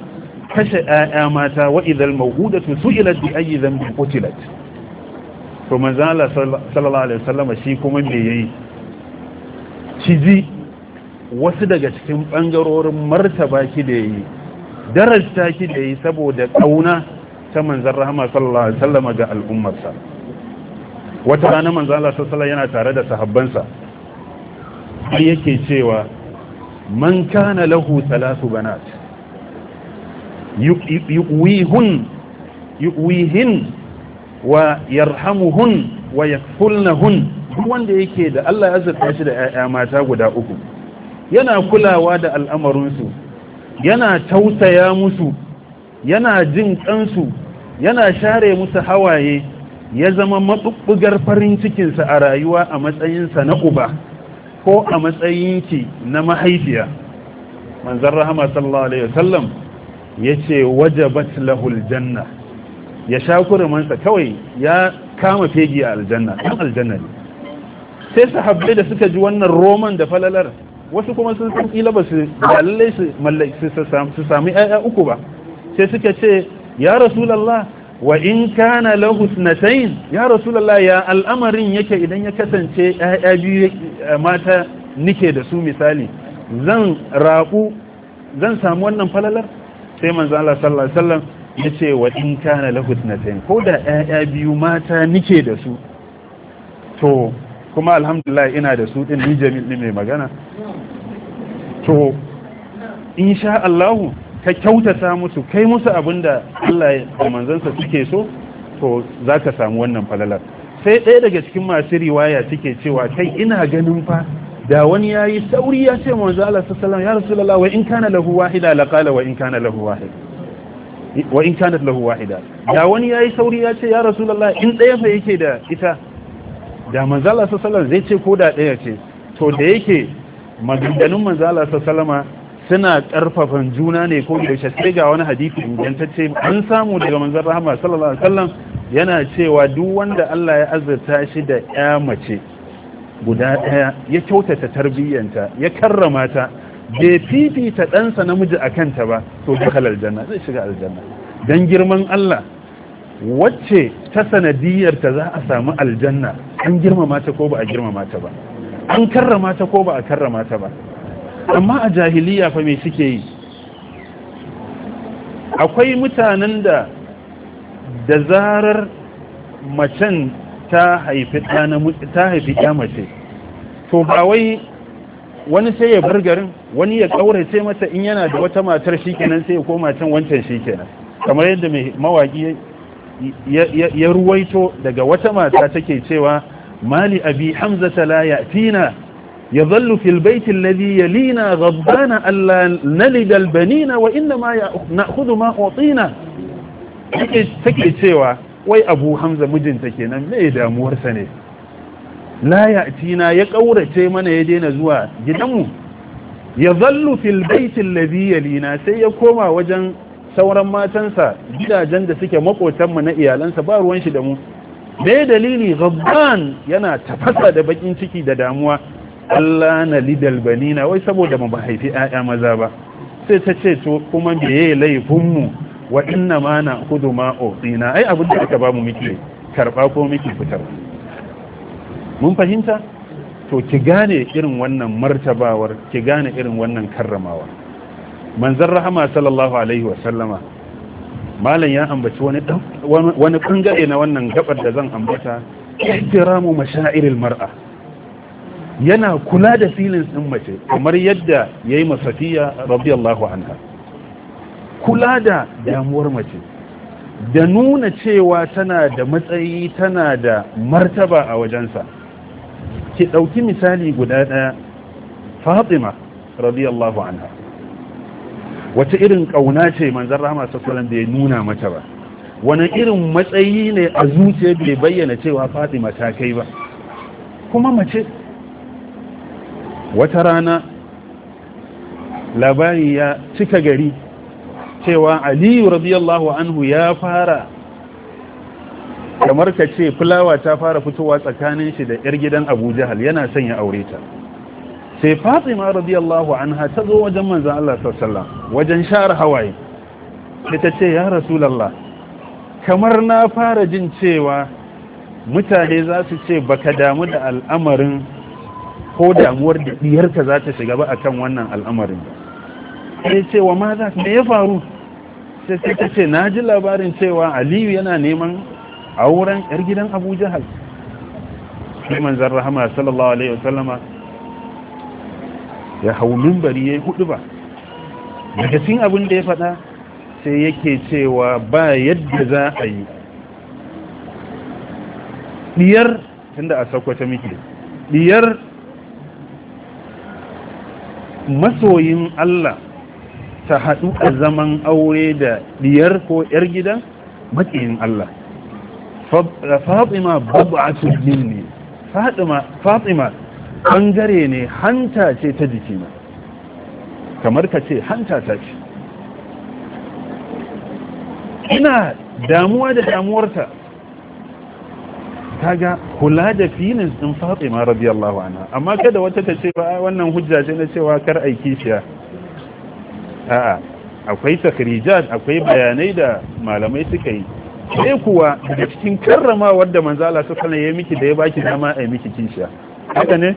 kashe ‘ya'ya mata wa'idal mawudatu su'ilat bi ayyi zambi kutilat to manzala sallallahu alaihi salama shi kuma me yayi shi ji wasu daga cikin ɓangarorin martaba ki da yi darasta ki da yi saboda ƙauna ta manzan rahama sallallahu alaihi salama ga al'ummarsa wata rana manzala sallallahu yana tare da sahabbansa har yake cewa man kana lahu salatu banat yuqwihun yuqwihin wa yarhamuhun wa yakfulnahun duk wanda yake da Allah ya azurta shi da ƴaƴa mata guda uku yana kulawa da al'amarinsu yana tausaya musu yana jin kansu yana share musu hawaye ya zama maɓuɓɓugar farin cikinsa a rayuwa a matsayinsa na uba ko a matsayinki na mahaifiya manzan rahama sallallahu alaihi wasallam ya ce wajabat lahul janna ya sha mansa kawai ya kama fegi a aljanna ɗan aljanna ne sai sahabbai da suka ji wannan roman da falalar wasu kuma sun san kila ba su lallai su sami 'ya'ya uku ba sai suka ce ya rasulallah wa in kana la husnatain ya rasulullah ya al'amarin yake idan ya kasance ya biyu eh, mata nike da su misali zan raku zan samu wannan falalar sai manzo Allah sallallahu alaihi wasallam yace wa in kana la husnatain ko da ya biyu mata nike da su to kuma alhamdulillah ina da su din ni jamil ne mai magana to insha Allah ka kyautata musu kai musu abin da Allah da manzansa suke so to za ka samu wannan falalar sai ɗaya daga cikin masu riwaya suke cewa kai ina ganin fa da wani ya yi sauri ya ce manzo Allah salam ya rasu wa in kana lahu wahida la wa in kana lahu wahida wa in kana lahu wahida da wani ya yi sauri ya ce ya rasu lalawa in ɗaya fa yake da ita da manzo Allah salam zai ce ko da ɗaya ce to da yake maganganun manzo Allah salama suna ƙarfafan juna ne ko da sai ga wani hadisi ingantacce an samu daga manzon rahama sallallahu alaihi wasallam yana cewa duk wanda Allah ya azurta shi da ya mace guda ɗaya ya kyautata tarbiyyanta ya karrama ta bai fifita ɗansa namiji a kanta ba to halal aljanna zai shiga aljanna don girman Allah wacce ta sanadiyar ta za a samu aljanna an girmama ta ko ba a girmama ta ba an karrama ta ko ba a karrama ta ba amma a jahiliya fa mai suke yi akwai mutanen da da zarar macen ta haifi ta haifi mace to ba wai wani sai ya bar garin wani ya ƙaurace mata in yana da wata matar shikenan sai ya koma can wancan shikenan kamar yadda mai mawaƙi ya ruwaito daga wata mata take cewa mali abi hamza la fina. يظل في البيت الذي يلينا غضبان ألا نلد البنين ma نأخذ ما أعطينا take cewa wai abu hamza mijinta kenan mai damuwarsa ne la ya'tina ya kaurace mana ya daina zuwa gidanmu ya zallu fil baiti alladhi yalina sai ya koma wajen sauran matansa gidajen da suke makotan mu na iyalansa ba ruwan shi da mu me dalili rabban yana tafasa da bakin ciki da damuwa Allah na lidal na, wai saboda mu ba haifi ƴaƴa maza ba sai ta ce to kuma me yayi laifin mu wa inna ma na hudu ma utina ai abin da aka ba mu muke karba ko muke fitar mun fahimta to ki gane irin wannan martabawar ki gane irin wannan karramawa manzon rahama sallallahu alaihi wa sallama malam ya ambaci wani wani kungare na wannan gabar da zan ambata ihtiramu mashairil mar'a yana kula da filin ɗin mace kamar yadda ya yi masafiya radiyallahu anha kula da damuwar mace da nuna cewa tana da matsayi tana da martaba a wajensa ki ɗauki misali guda ɗaya fatima radiyallahu anha wata irin ƙauna ce manzan rahama sassalan da ya nuna mata ba wani irin matsayi ne a zuciya bai bayyana cewa fatima ta kai ba kuma mace wata rana labari ya cika gari cewa aliyu radiyallahu anhu ya fara kamar ka ce fulawa ta fara fitowa tsakanin shi da 'yar gidan abu jahal yana son ya aure ta sai fatima radiyallahu anha ta zo wajen manzan Allah sallallahu wajen share hawaye da ta ce ya rasulallah kamar na fara jin cewa mutane za su ce baka damu da al'amarin ko damuwar da diyarka za ta shiga ba a kan wannan al'amarin sai ce wa za me ya faru sai sai ta ce na ji labarin cewa aliyu yana neman a wurin yar gidan abu jihar shi manzan rahama sallallahu alaihi wasallama ya hau mimbari ya yi hudu ba daga cikin abin da ya faɗa sai yake cewa ba yadda za a yi diyar tunda a sakwata miki diyar masoyin Allah ta haɗu a zaman aure da ɗiyar ko 'yar gida maƙiyin Allah fatima turbin ne. fatima ɓangare ne hanta ce ta jikina kamar ka ce hanta ta ce ina damuwa da damuwarta kaga kula da filin din Fatima radiyallahu anha amma kada wata ta ce ba wannan hujja ce na cewa kar aiki kishiya. a'a akwai takrijat akwai bayanai da malamai suka yi sai kuwa daga cikin karrama wanda manzo Allah sallallahu alaihi miki da ya baki dama ai miki kishiya haka ne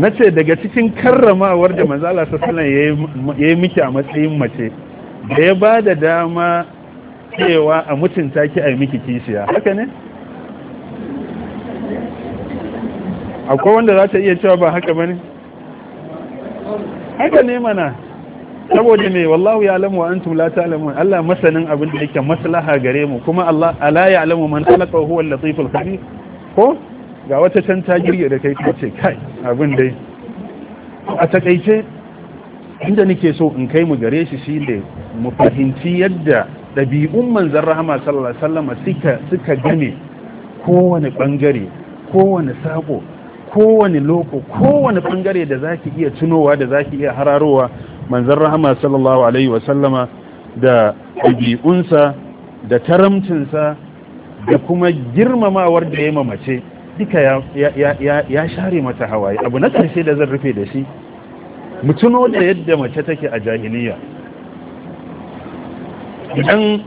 nace daga cikin karramawar da manzo Allah sallallahu alaihi miki a matsayin mace da ya ba da dama cewa a mutunta ki a miki kishiya haka ne akwai wanda za ta iya cewa ba haka bane haka ne mana saboda me wallahu ya lamu wa antum la ta'lamun Allah masanin abin da yake maslaha gare mu kuma Allah ala lamu man khalaqa huwa al-latif al-khabir ko ga wata can ta girge da kai kace kai abin dai a takaice inda nake so in kai mu gare shi shi ne, mu fahimci yadda ɗabi'un manzan rahama sallallahu alaihi wasallama suka gane game kowane bangare kowane saƙo kowane loko kowane ɓangare da za ki iya tunowa da za ki iya hararowa manzan rahama sallallahu alaihi wasallama da ɗabi'unsa da taramcinsa da kuma girmamawar da ya mamace duka ya share mata hawaye abu na ƙarshe da zan rufe da shi mutuno da yadda mace take a jahiliya idan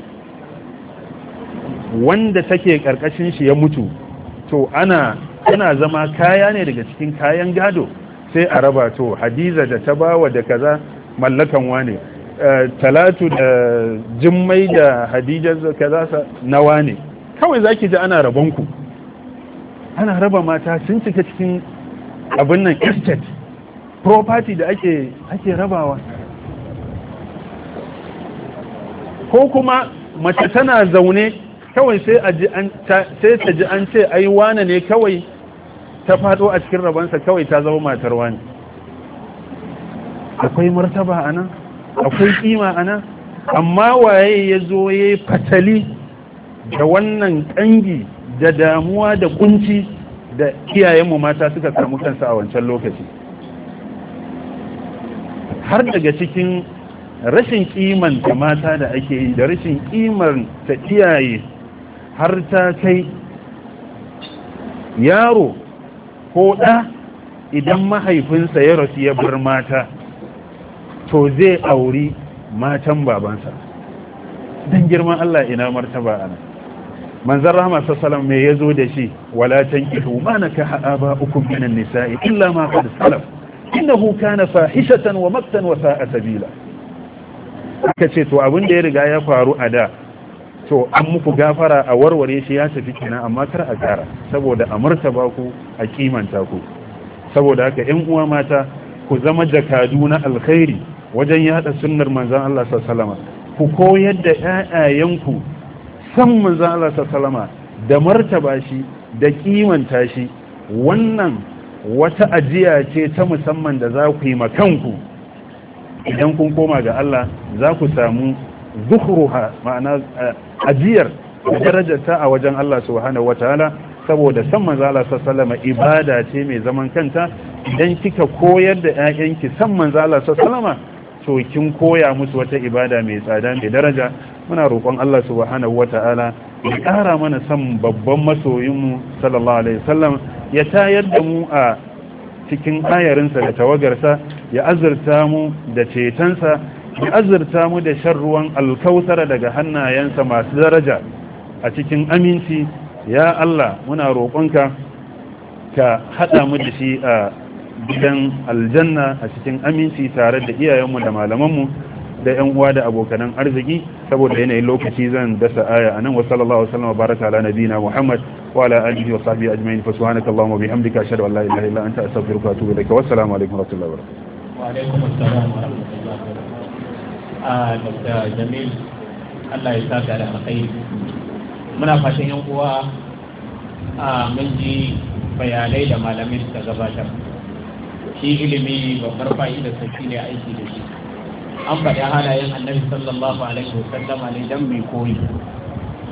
wanda take karkashin shi ya mutu to ana ana zama kaya ne daga cikin kayan gado sai a raba to hadiza da ta bawa da kaza mallakan wane eh, talatu da jimmai da Hadiza da kaza na wane kawai zaki ji ana rabonku ana raba mata sun cika cikin abin nan estate property da ake rabawa ko kuma mace tana zaune kawai sai ta ji an ce ai wane ne kawai ta fado a cikin rabansa kawai ta zama matar wani akwai martaba a nan akwai kima a nan amma waye ya zo ya fatali da wannan kangi da damuwa da kunci da iyayenmu mata suka samu kansa a wancan lokaci har daga cikin rashin kimanta mata da ake yi da rashin kiman ta iyaye har ta kai yaro ko ɗa idan mahaifinsa ya rasu ya bar mata to zai auri matan babansa don girman Allah ina martaba ana manzan rahama sassalam mai ya zo da shi walatan ihu ma na ka haɗa ba uku minan nisa'i illa ma ƙad salaf inda hukana fahishatan wa maktan wa sa'a sabila aka ce to abin da ya riga ya faru a da to an muku gafara a warware shi ya tafi kenan amma kar a kara saboda a martaba ku a kimanta ku saboda haka yan uwa mata ku zama jakadu na alkhairi wajen yada sunnar manzon Allah sallallahu alaihi ku koyar da ƴaƴayenku san manzon Allah sallallahu alaihi da martaba shi da kimanta shi wannan wata ajiya ce ta musamman da za ku yi ma kanku. idan kun koma ga Allah za ku samu zuhruha ma'ana eh, ajiyar da darajarta a wajen Allah subhanahu wataala saboda san manzo Allah ibada ce mai zaman kanta idan kika koyar da ƴaƴanki san manzo Allah to kin koya musu wata ibada mai tsada mai daraja muna roƙon Allah subhanahu wataala ya ƙara mana san babban masoyinmu sallallahu alaihi wasallam ya tayar da mu a cikin ayarinsa da tawagarsa ya azurta mu da cetonsa ya azurta mu da shan ruwan alkautara daga hannayensa masu daraja a cikin aminci ya Allah muna roƙonka ka haɗa mu da shi a gidan aljanna a cikin aminci tare da iyayenmu da malamanmu da yan uwa da abokanan arziki saboda yanayin lokaci zan dasa aya anan wa sallallahu alaihi wasallam baraka ala nabiyina muhammad wa ala alihi wa sahbihi ajma'in fa subhanaka allahumma wa bihamdika ashhadu an la ilaha illa anta astaghfiruka wa atubu ilaik wa assalamu alaikum wa rahmatullahi wa barakatuh wa alaikum assalam wa rahmatullahi wa barakatuh a ah, dr jamil Allah ya saka da alkhairi muna fatan yan uwa a ah, mun ji bayanai da malamin suka gabatar shi ilimi babbar fa'idarsa ne aiki da shi an faɗi halayen annabi sallallahu alaihi sallam ne dan mai koyi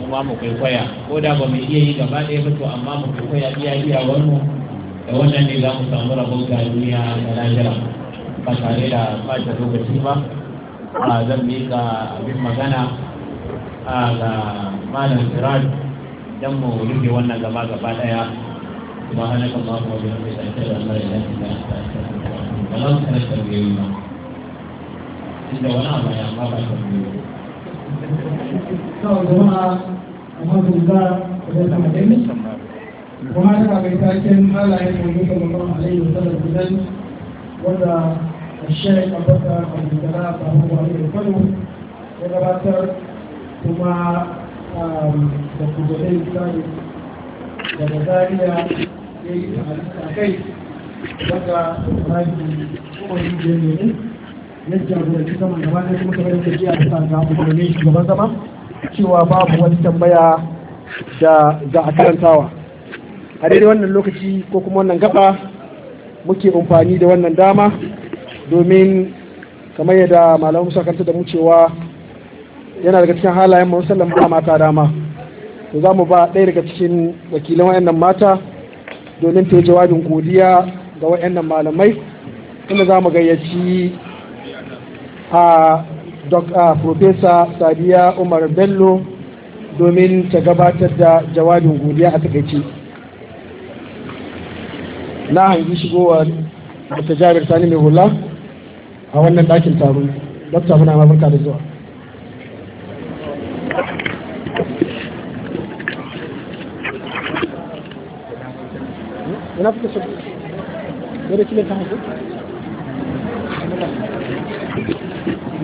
mu ma mu koya ko da ba mu iya yi gaba ɗaya ba to amma mu koya iya iya wannan da wannan ne za mu samu rabon ga duniya da lahira ba tare da ɓata lokaci ba a zan ga abin magana ga malam siraj don mu rufe wannan gaba gaba ɗaya subhanakallahumma wa bihamdika ashhadu an la ilaha illa anta astaghfiruka wa atubu ilayk da wani abu ya amma ba ta biyu sau jama'a alhamdulillah wajen sama dai kuma tana mai taken halayen wani sallallahu alaihi wasallam gidan wanda الشيخ أبو بكر عبد da أبو علي الفلو وغباتر ثم دكتور a الثالث وغزالية كيف وغا إبراهيم وغا إبراهيم da jagoranci zaman gaba da kuma kamar da jiya ta ga umarnin shugaban zama cewa babu wata tambaya da za a karantawa a daidai wannan lokaci ko kuma wannan gaba muke amfani da wannan dama domin kamar yadda malamu suka kanta da mu cewa yana daga cikin halayen mu sallan ba mata dama to za mu ba ɗaya daga cikin wakilan wayannan mata domin ta yi jawabin godiya ga wayannan malamai inda za mu gayyaci a profesa sadiya umar bello domin ta gabatar da jawabin godiya a takaici. na hangi shigowar dr jabir sani mai hula a wannan ɗakin taro dokta muna mafarka da zuwa ina fita shi ne da kila ta hankali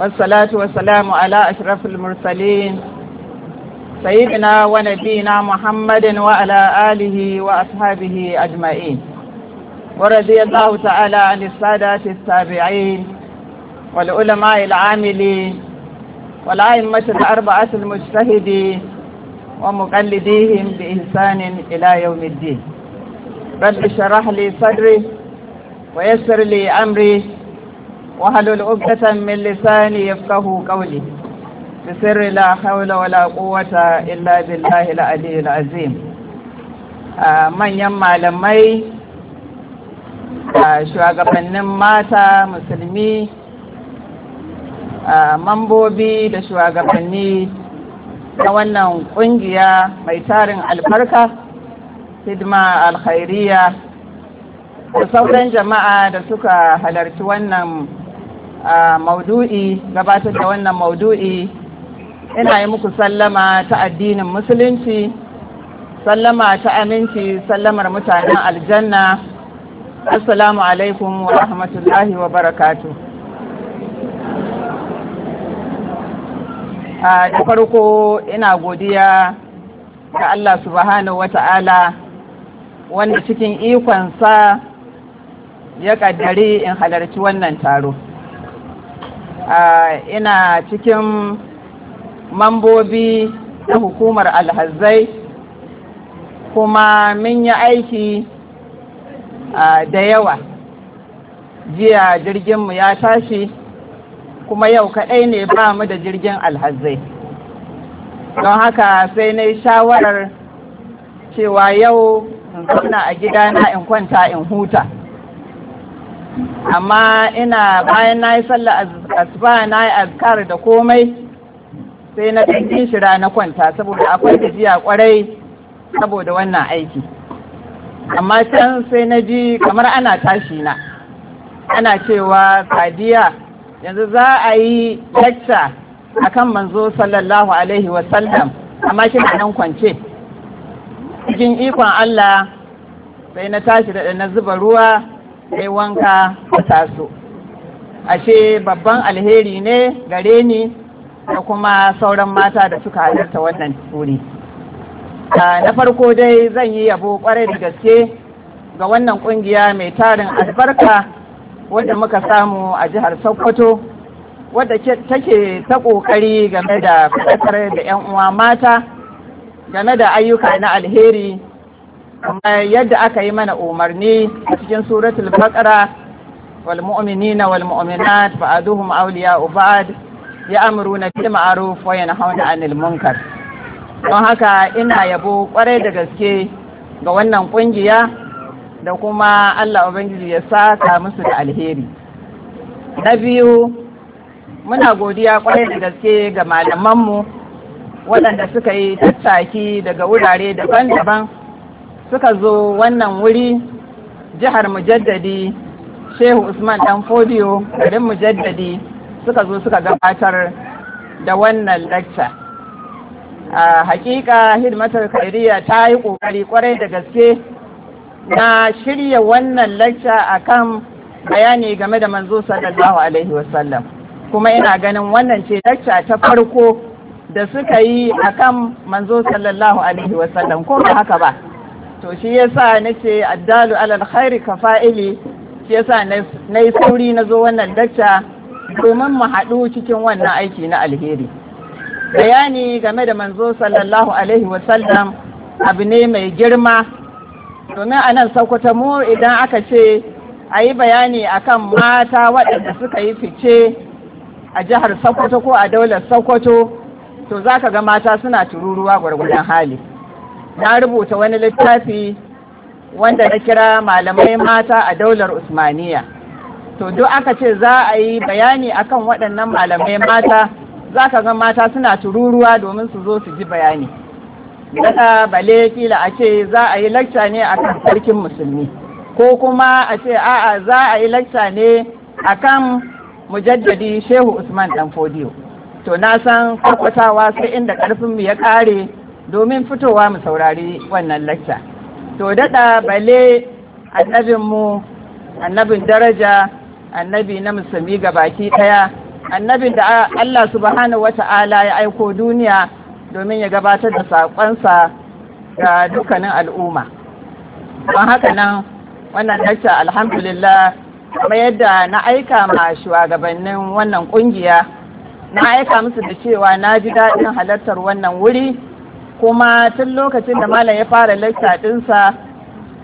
والصلاة والسلام على أشرف المرسلين سيدنا ونبينا محمد وعلى آله وأصحابه أجمعين ورضي الله تعالى عن السادة التابعين والعلماء العاملين والأئمة الأربعة المجتهدين ومقلديهم بإحسان إلى يوم الدين رب اشرح لي صدري ويسر لي أمري واحلل عقدة من لساني يفقه قولي بسر لا حول ولا قوة إلا بالله العلي العظيم من يما لمي shugabannin mata musulmi mambobi da shugabanni na wannan kungiya mai tarin albarka hidima alkhairiya da sauran jama'a da suka halarci wannan a maudu'i gabatar da wannan maudu'i ina yi muku sallama ta addinin musulunci sallama ta aminci sallamar mutanen aljanna assalamu alaikum wa rahmatullahi wa barakatu da farko ina godiya ga Allah subhanahu wa ta'ala wanda cikin ikonsa ya ƙaddari in halarci wannan taro. ina cikin mambobi na hukumar alhazai kuma mun yi aiki da yawa jiya jirginmu ya tashi kuma yau kaɗai ne ba mu da jirgin alhazai don haka sai na shawarar cewa yau in zauna a gidana in kwanta in huta amma ina bayan na yi sallah asuba na yi azkar da komai sai na ɗan shira na kwanta saboda akwai gajiya kwarai saboda wannan aiki amma can sai na ji kamar ana tashi na ana cewa kadiya yanzu za a yi lecture akan manzo sallallahu alaihi wasallam amma shi na nan kwance cikin ikon Allah sai na tashi da na zuba ruwa sai wanka ta taso ashe babban alheri ne gare ni da kuma sauran mata da suka halarta wannan wuri na farko dai zan yi yabo kwarai da gaske ga wannan kungiya mai tarin albarka wadda muka samu a jihar sokoto wadda take ta kokari game da fadakar da 'yan uwa mata game da ayyuka na alheri kamar yadda aka yi mana umarni a cikin suratul baqara wal mu'minina wal mu'minat ya awliya'u ba'd ya'muruna bil ma'ruf wa yanhauna 'anil munkar don haka ina yabo kwarai da gaske ga wannan kungiya da kuma Allah ubangiji ya saka musu da alheri na biyu muna godiya kwarai da gaske ga malamanmu waɗanda suka yi tattaki daga wurare daban-daban suka zo wannan wuri jihar mujaddadi shehu usman dan fodiyo garin mujaddadi suka zo suka gabatar da wannan lacca a hakika hidimatar kariya ta yi kokari kwarai da gaske na shirya wannan lacca kan bayani game da manzo sallallahu alaihi wasallam kuma ina ganin wannan ce lacca ta farko da suka yi akan manzo sallallahu alaihi wasallam ko ba haka ba to shi ya na nace addalu alal khairi fa'ili shi ya sa na yi sauri na zo wannan dacca domin mu haɗu cikin wannan aiki na alheri bayani game da manzo sallallahu alaihi wasallam abu ne mai girma domin anan nan mu idan aka ce a yi bayani akan mata waɗanda suka yi fice a jihar sokoto ko a daular sokoto to za ka ga mata suna tururuwa gwargwadon hali na rubuta wani littafi wanda na kira malamai mata a daular usmaniya to duk aka ce za a yi bayani akan waɗannan malamai mata za ka ga mata suna tururuwa domin su zo su ji bayani daga bale kila a ce za a yi lakca ne a kan sarkin musulmi ko kuma a ce a'a za a yi lakca ne a kan mujaddadi shehu usman dan fodiyo to na san kwakwatawa sai inda karfin mu ya ƙare. domin fitowa mu saurari wannan lacca to daɗa bale annabinmu annabin daraja annabi na musulmi ga baki ɗaya annabin da Allah subhanahu wata'ala ya aiko duniya domin ya gabatar da saƙonsa ga dukkanin al'umma don haka nan wannan lacca alhamdulillah kamar yadda na aika ma shugabannin wannan ƙungiya, na aika musu da cewa na ji daɗin halartar wannan wuri kuma tun lokacin da malam ya fara lecture ɗinsa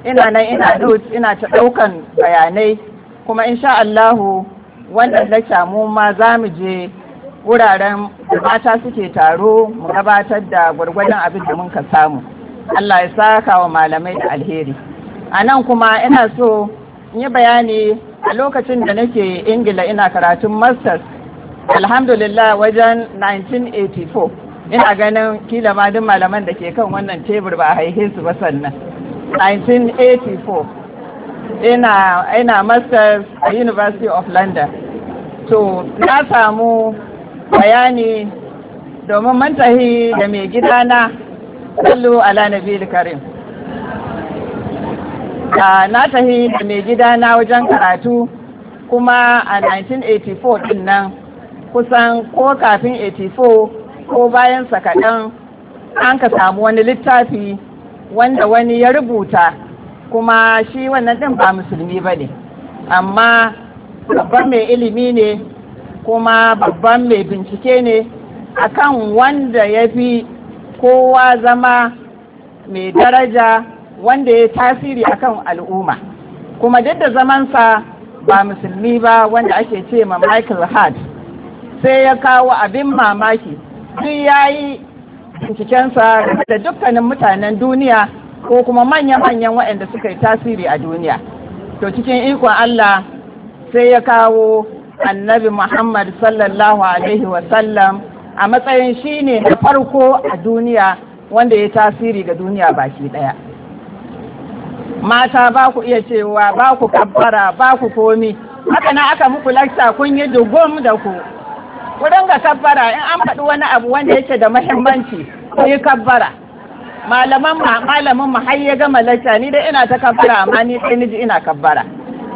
ina nan ina notes ina ta ɗaukan bayanai kuma insha Allahu wannan lecture mu ma za mu je wuraren mata suke taro mu gabatar da gwargwadon abin da mun ka samu Allah ya saka wa malamai da alheri a nan kuma ina so in yi bayani a lokacin da nake ingila ina karatun masters alhamdulillah wajen 1984 ina ganin kila ma duk malaman da ke kan wannan tebur ba a su ba sannan 1984 ina ina masters a university of london to na samu bayani domin mantahi da mai gidana sallu ala nabil karim na tahi da mai gidana wajen karatu kuma a 1984 din nan kusan ko kafin 84 ko bayan sa kaɗan an ka samu wani littafi wanda wani ya rubuta kuma shi wannan ɗin ba musulmi ba ne amma babban mai ilimi ne kuma babban mai bincike ne akan wanda ya fi kowa zama mai daraja wanda ya tasiri akan al'umma kuma duk da zamansa ba musulmi ba wanda ake ce ma michael hart sai ya kawo abin mamaki duk ya yi bincikensa da dukkanin mutanen duniya ko kuma manya-manyan waɗanda suka yi tasiri a duniya to cikin ikon Allah sai ya kawo annabi Muhammad sallallahu alaihi wasallam a matsayin shi ne na farko a duniya wanda ya tasiri ga duniya baki ɗaya mata ba ku iya cewa ba ku kabbara ba ku komi haka na aka muku lakta kun yi dugum da ku ku dinga kabbara in an faɗi wani abu wanda yake da mahimmanci ku yi kabbara malaman ma malamin mu har ya gama lacca ni dai ina ta kabbara amma ni sai ni ji ina kabbara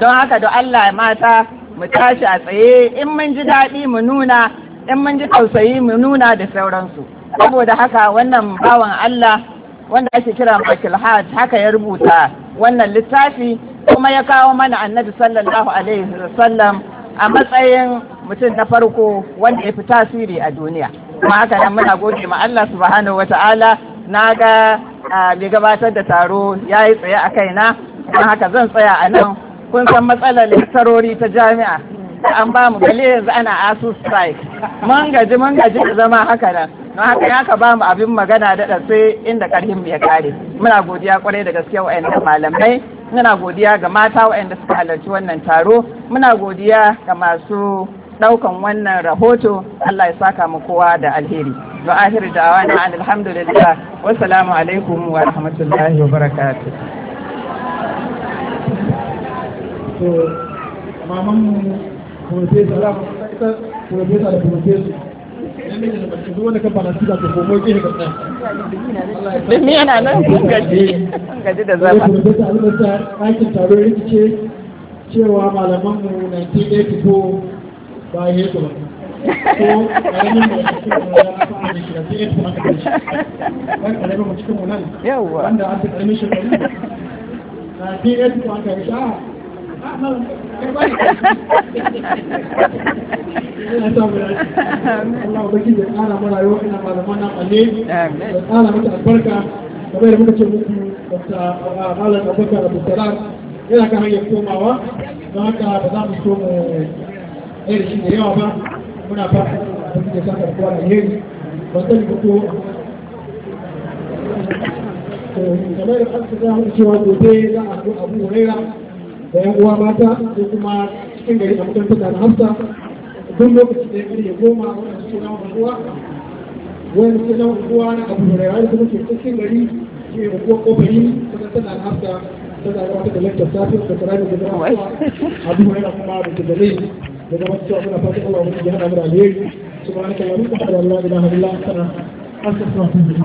don haka da Allah ya mata mu tashi a tsaye in mun ji daɗi mu nuna in mun ji tausayi mu nuna da sauransu saboda haka wannan bawan Allah wanda ake kira Michael haka ya rubuta wannan littafi kuma ya kawo mana annabi sallallahu alaihi wasallam a matsayin mutum na farko wanda ya fi tasiri a duniya kuma haka nan muna gode ma Allah subhanahu wata'ala na ga mai gabatar da taro ya yi tsaye a kaina don haka zan tsaya a nan kun san matsalar littarori ta jami'a an ba mu gale yanzu ana asu strike mun gaji mun gaji da zama haka nan don haka ya ka ba mu abin magana da sai inda karhin ya kare muna godiya kwarai da gaske wa'annan malamai muna godiya ga mata waɗanda suka halarci wannan taro muna godiya ga masu ɗaukan wannan rahoto Allah ya saka mu kowa da alheri wa wani an alhamdulillah wa salamu alaikum wa rahmatullahi wa barakatuh to maman mu professor da professor professor da komai ke yana nan gaji gaji da zama cewa malaman mu bayan ya gaba ko ƙaramin da ya cikin wani ya fi shi da zai yi maka da shi ɗan ƙaramin mu cikin wannan wanda an fi ƙaramin shi da na fi ya fi maka da shi ah, ah, ah, a Ina samu ya ce, Allah ubangiji ya ƙara mana yau ina malaman nan alheri, ya ƙara mata albarka, kamar muka ce muku dr malam abubakar abu yana kan hanyar komawa don haka ba za mu so mu ne da shi ne yawa ba muna fata abin da saka kowa da yayi ba zan ko kamar da aka ga hu cewa gobe za a ko abu huraira da yan uwa mata ko kuma cikin gari a mutunta da hafsa duk lokaci da ya karye goma a wannan cikin nan unguwa wani cikin nan unguwa na abu huraira wani kuma ke cikin gari ke unguwa kofari kuma tana hafsa tana wata da lantar safi da tsarani da zama abu huraira kuma da ke da ya zama cewa muna fata Allah mu ya hada mu da alheri da wa da la ilaha illa anta astaghfiruka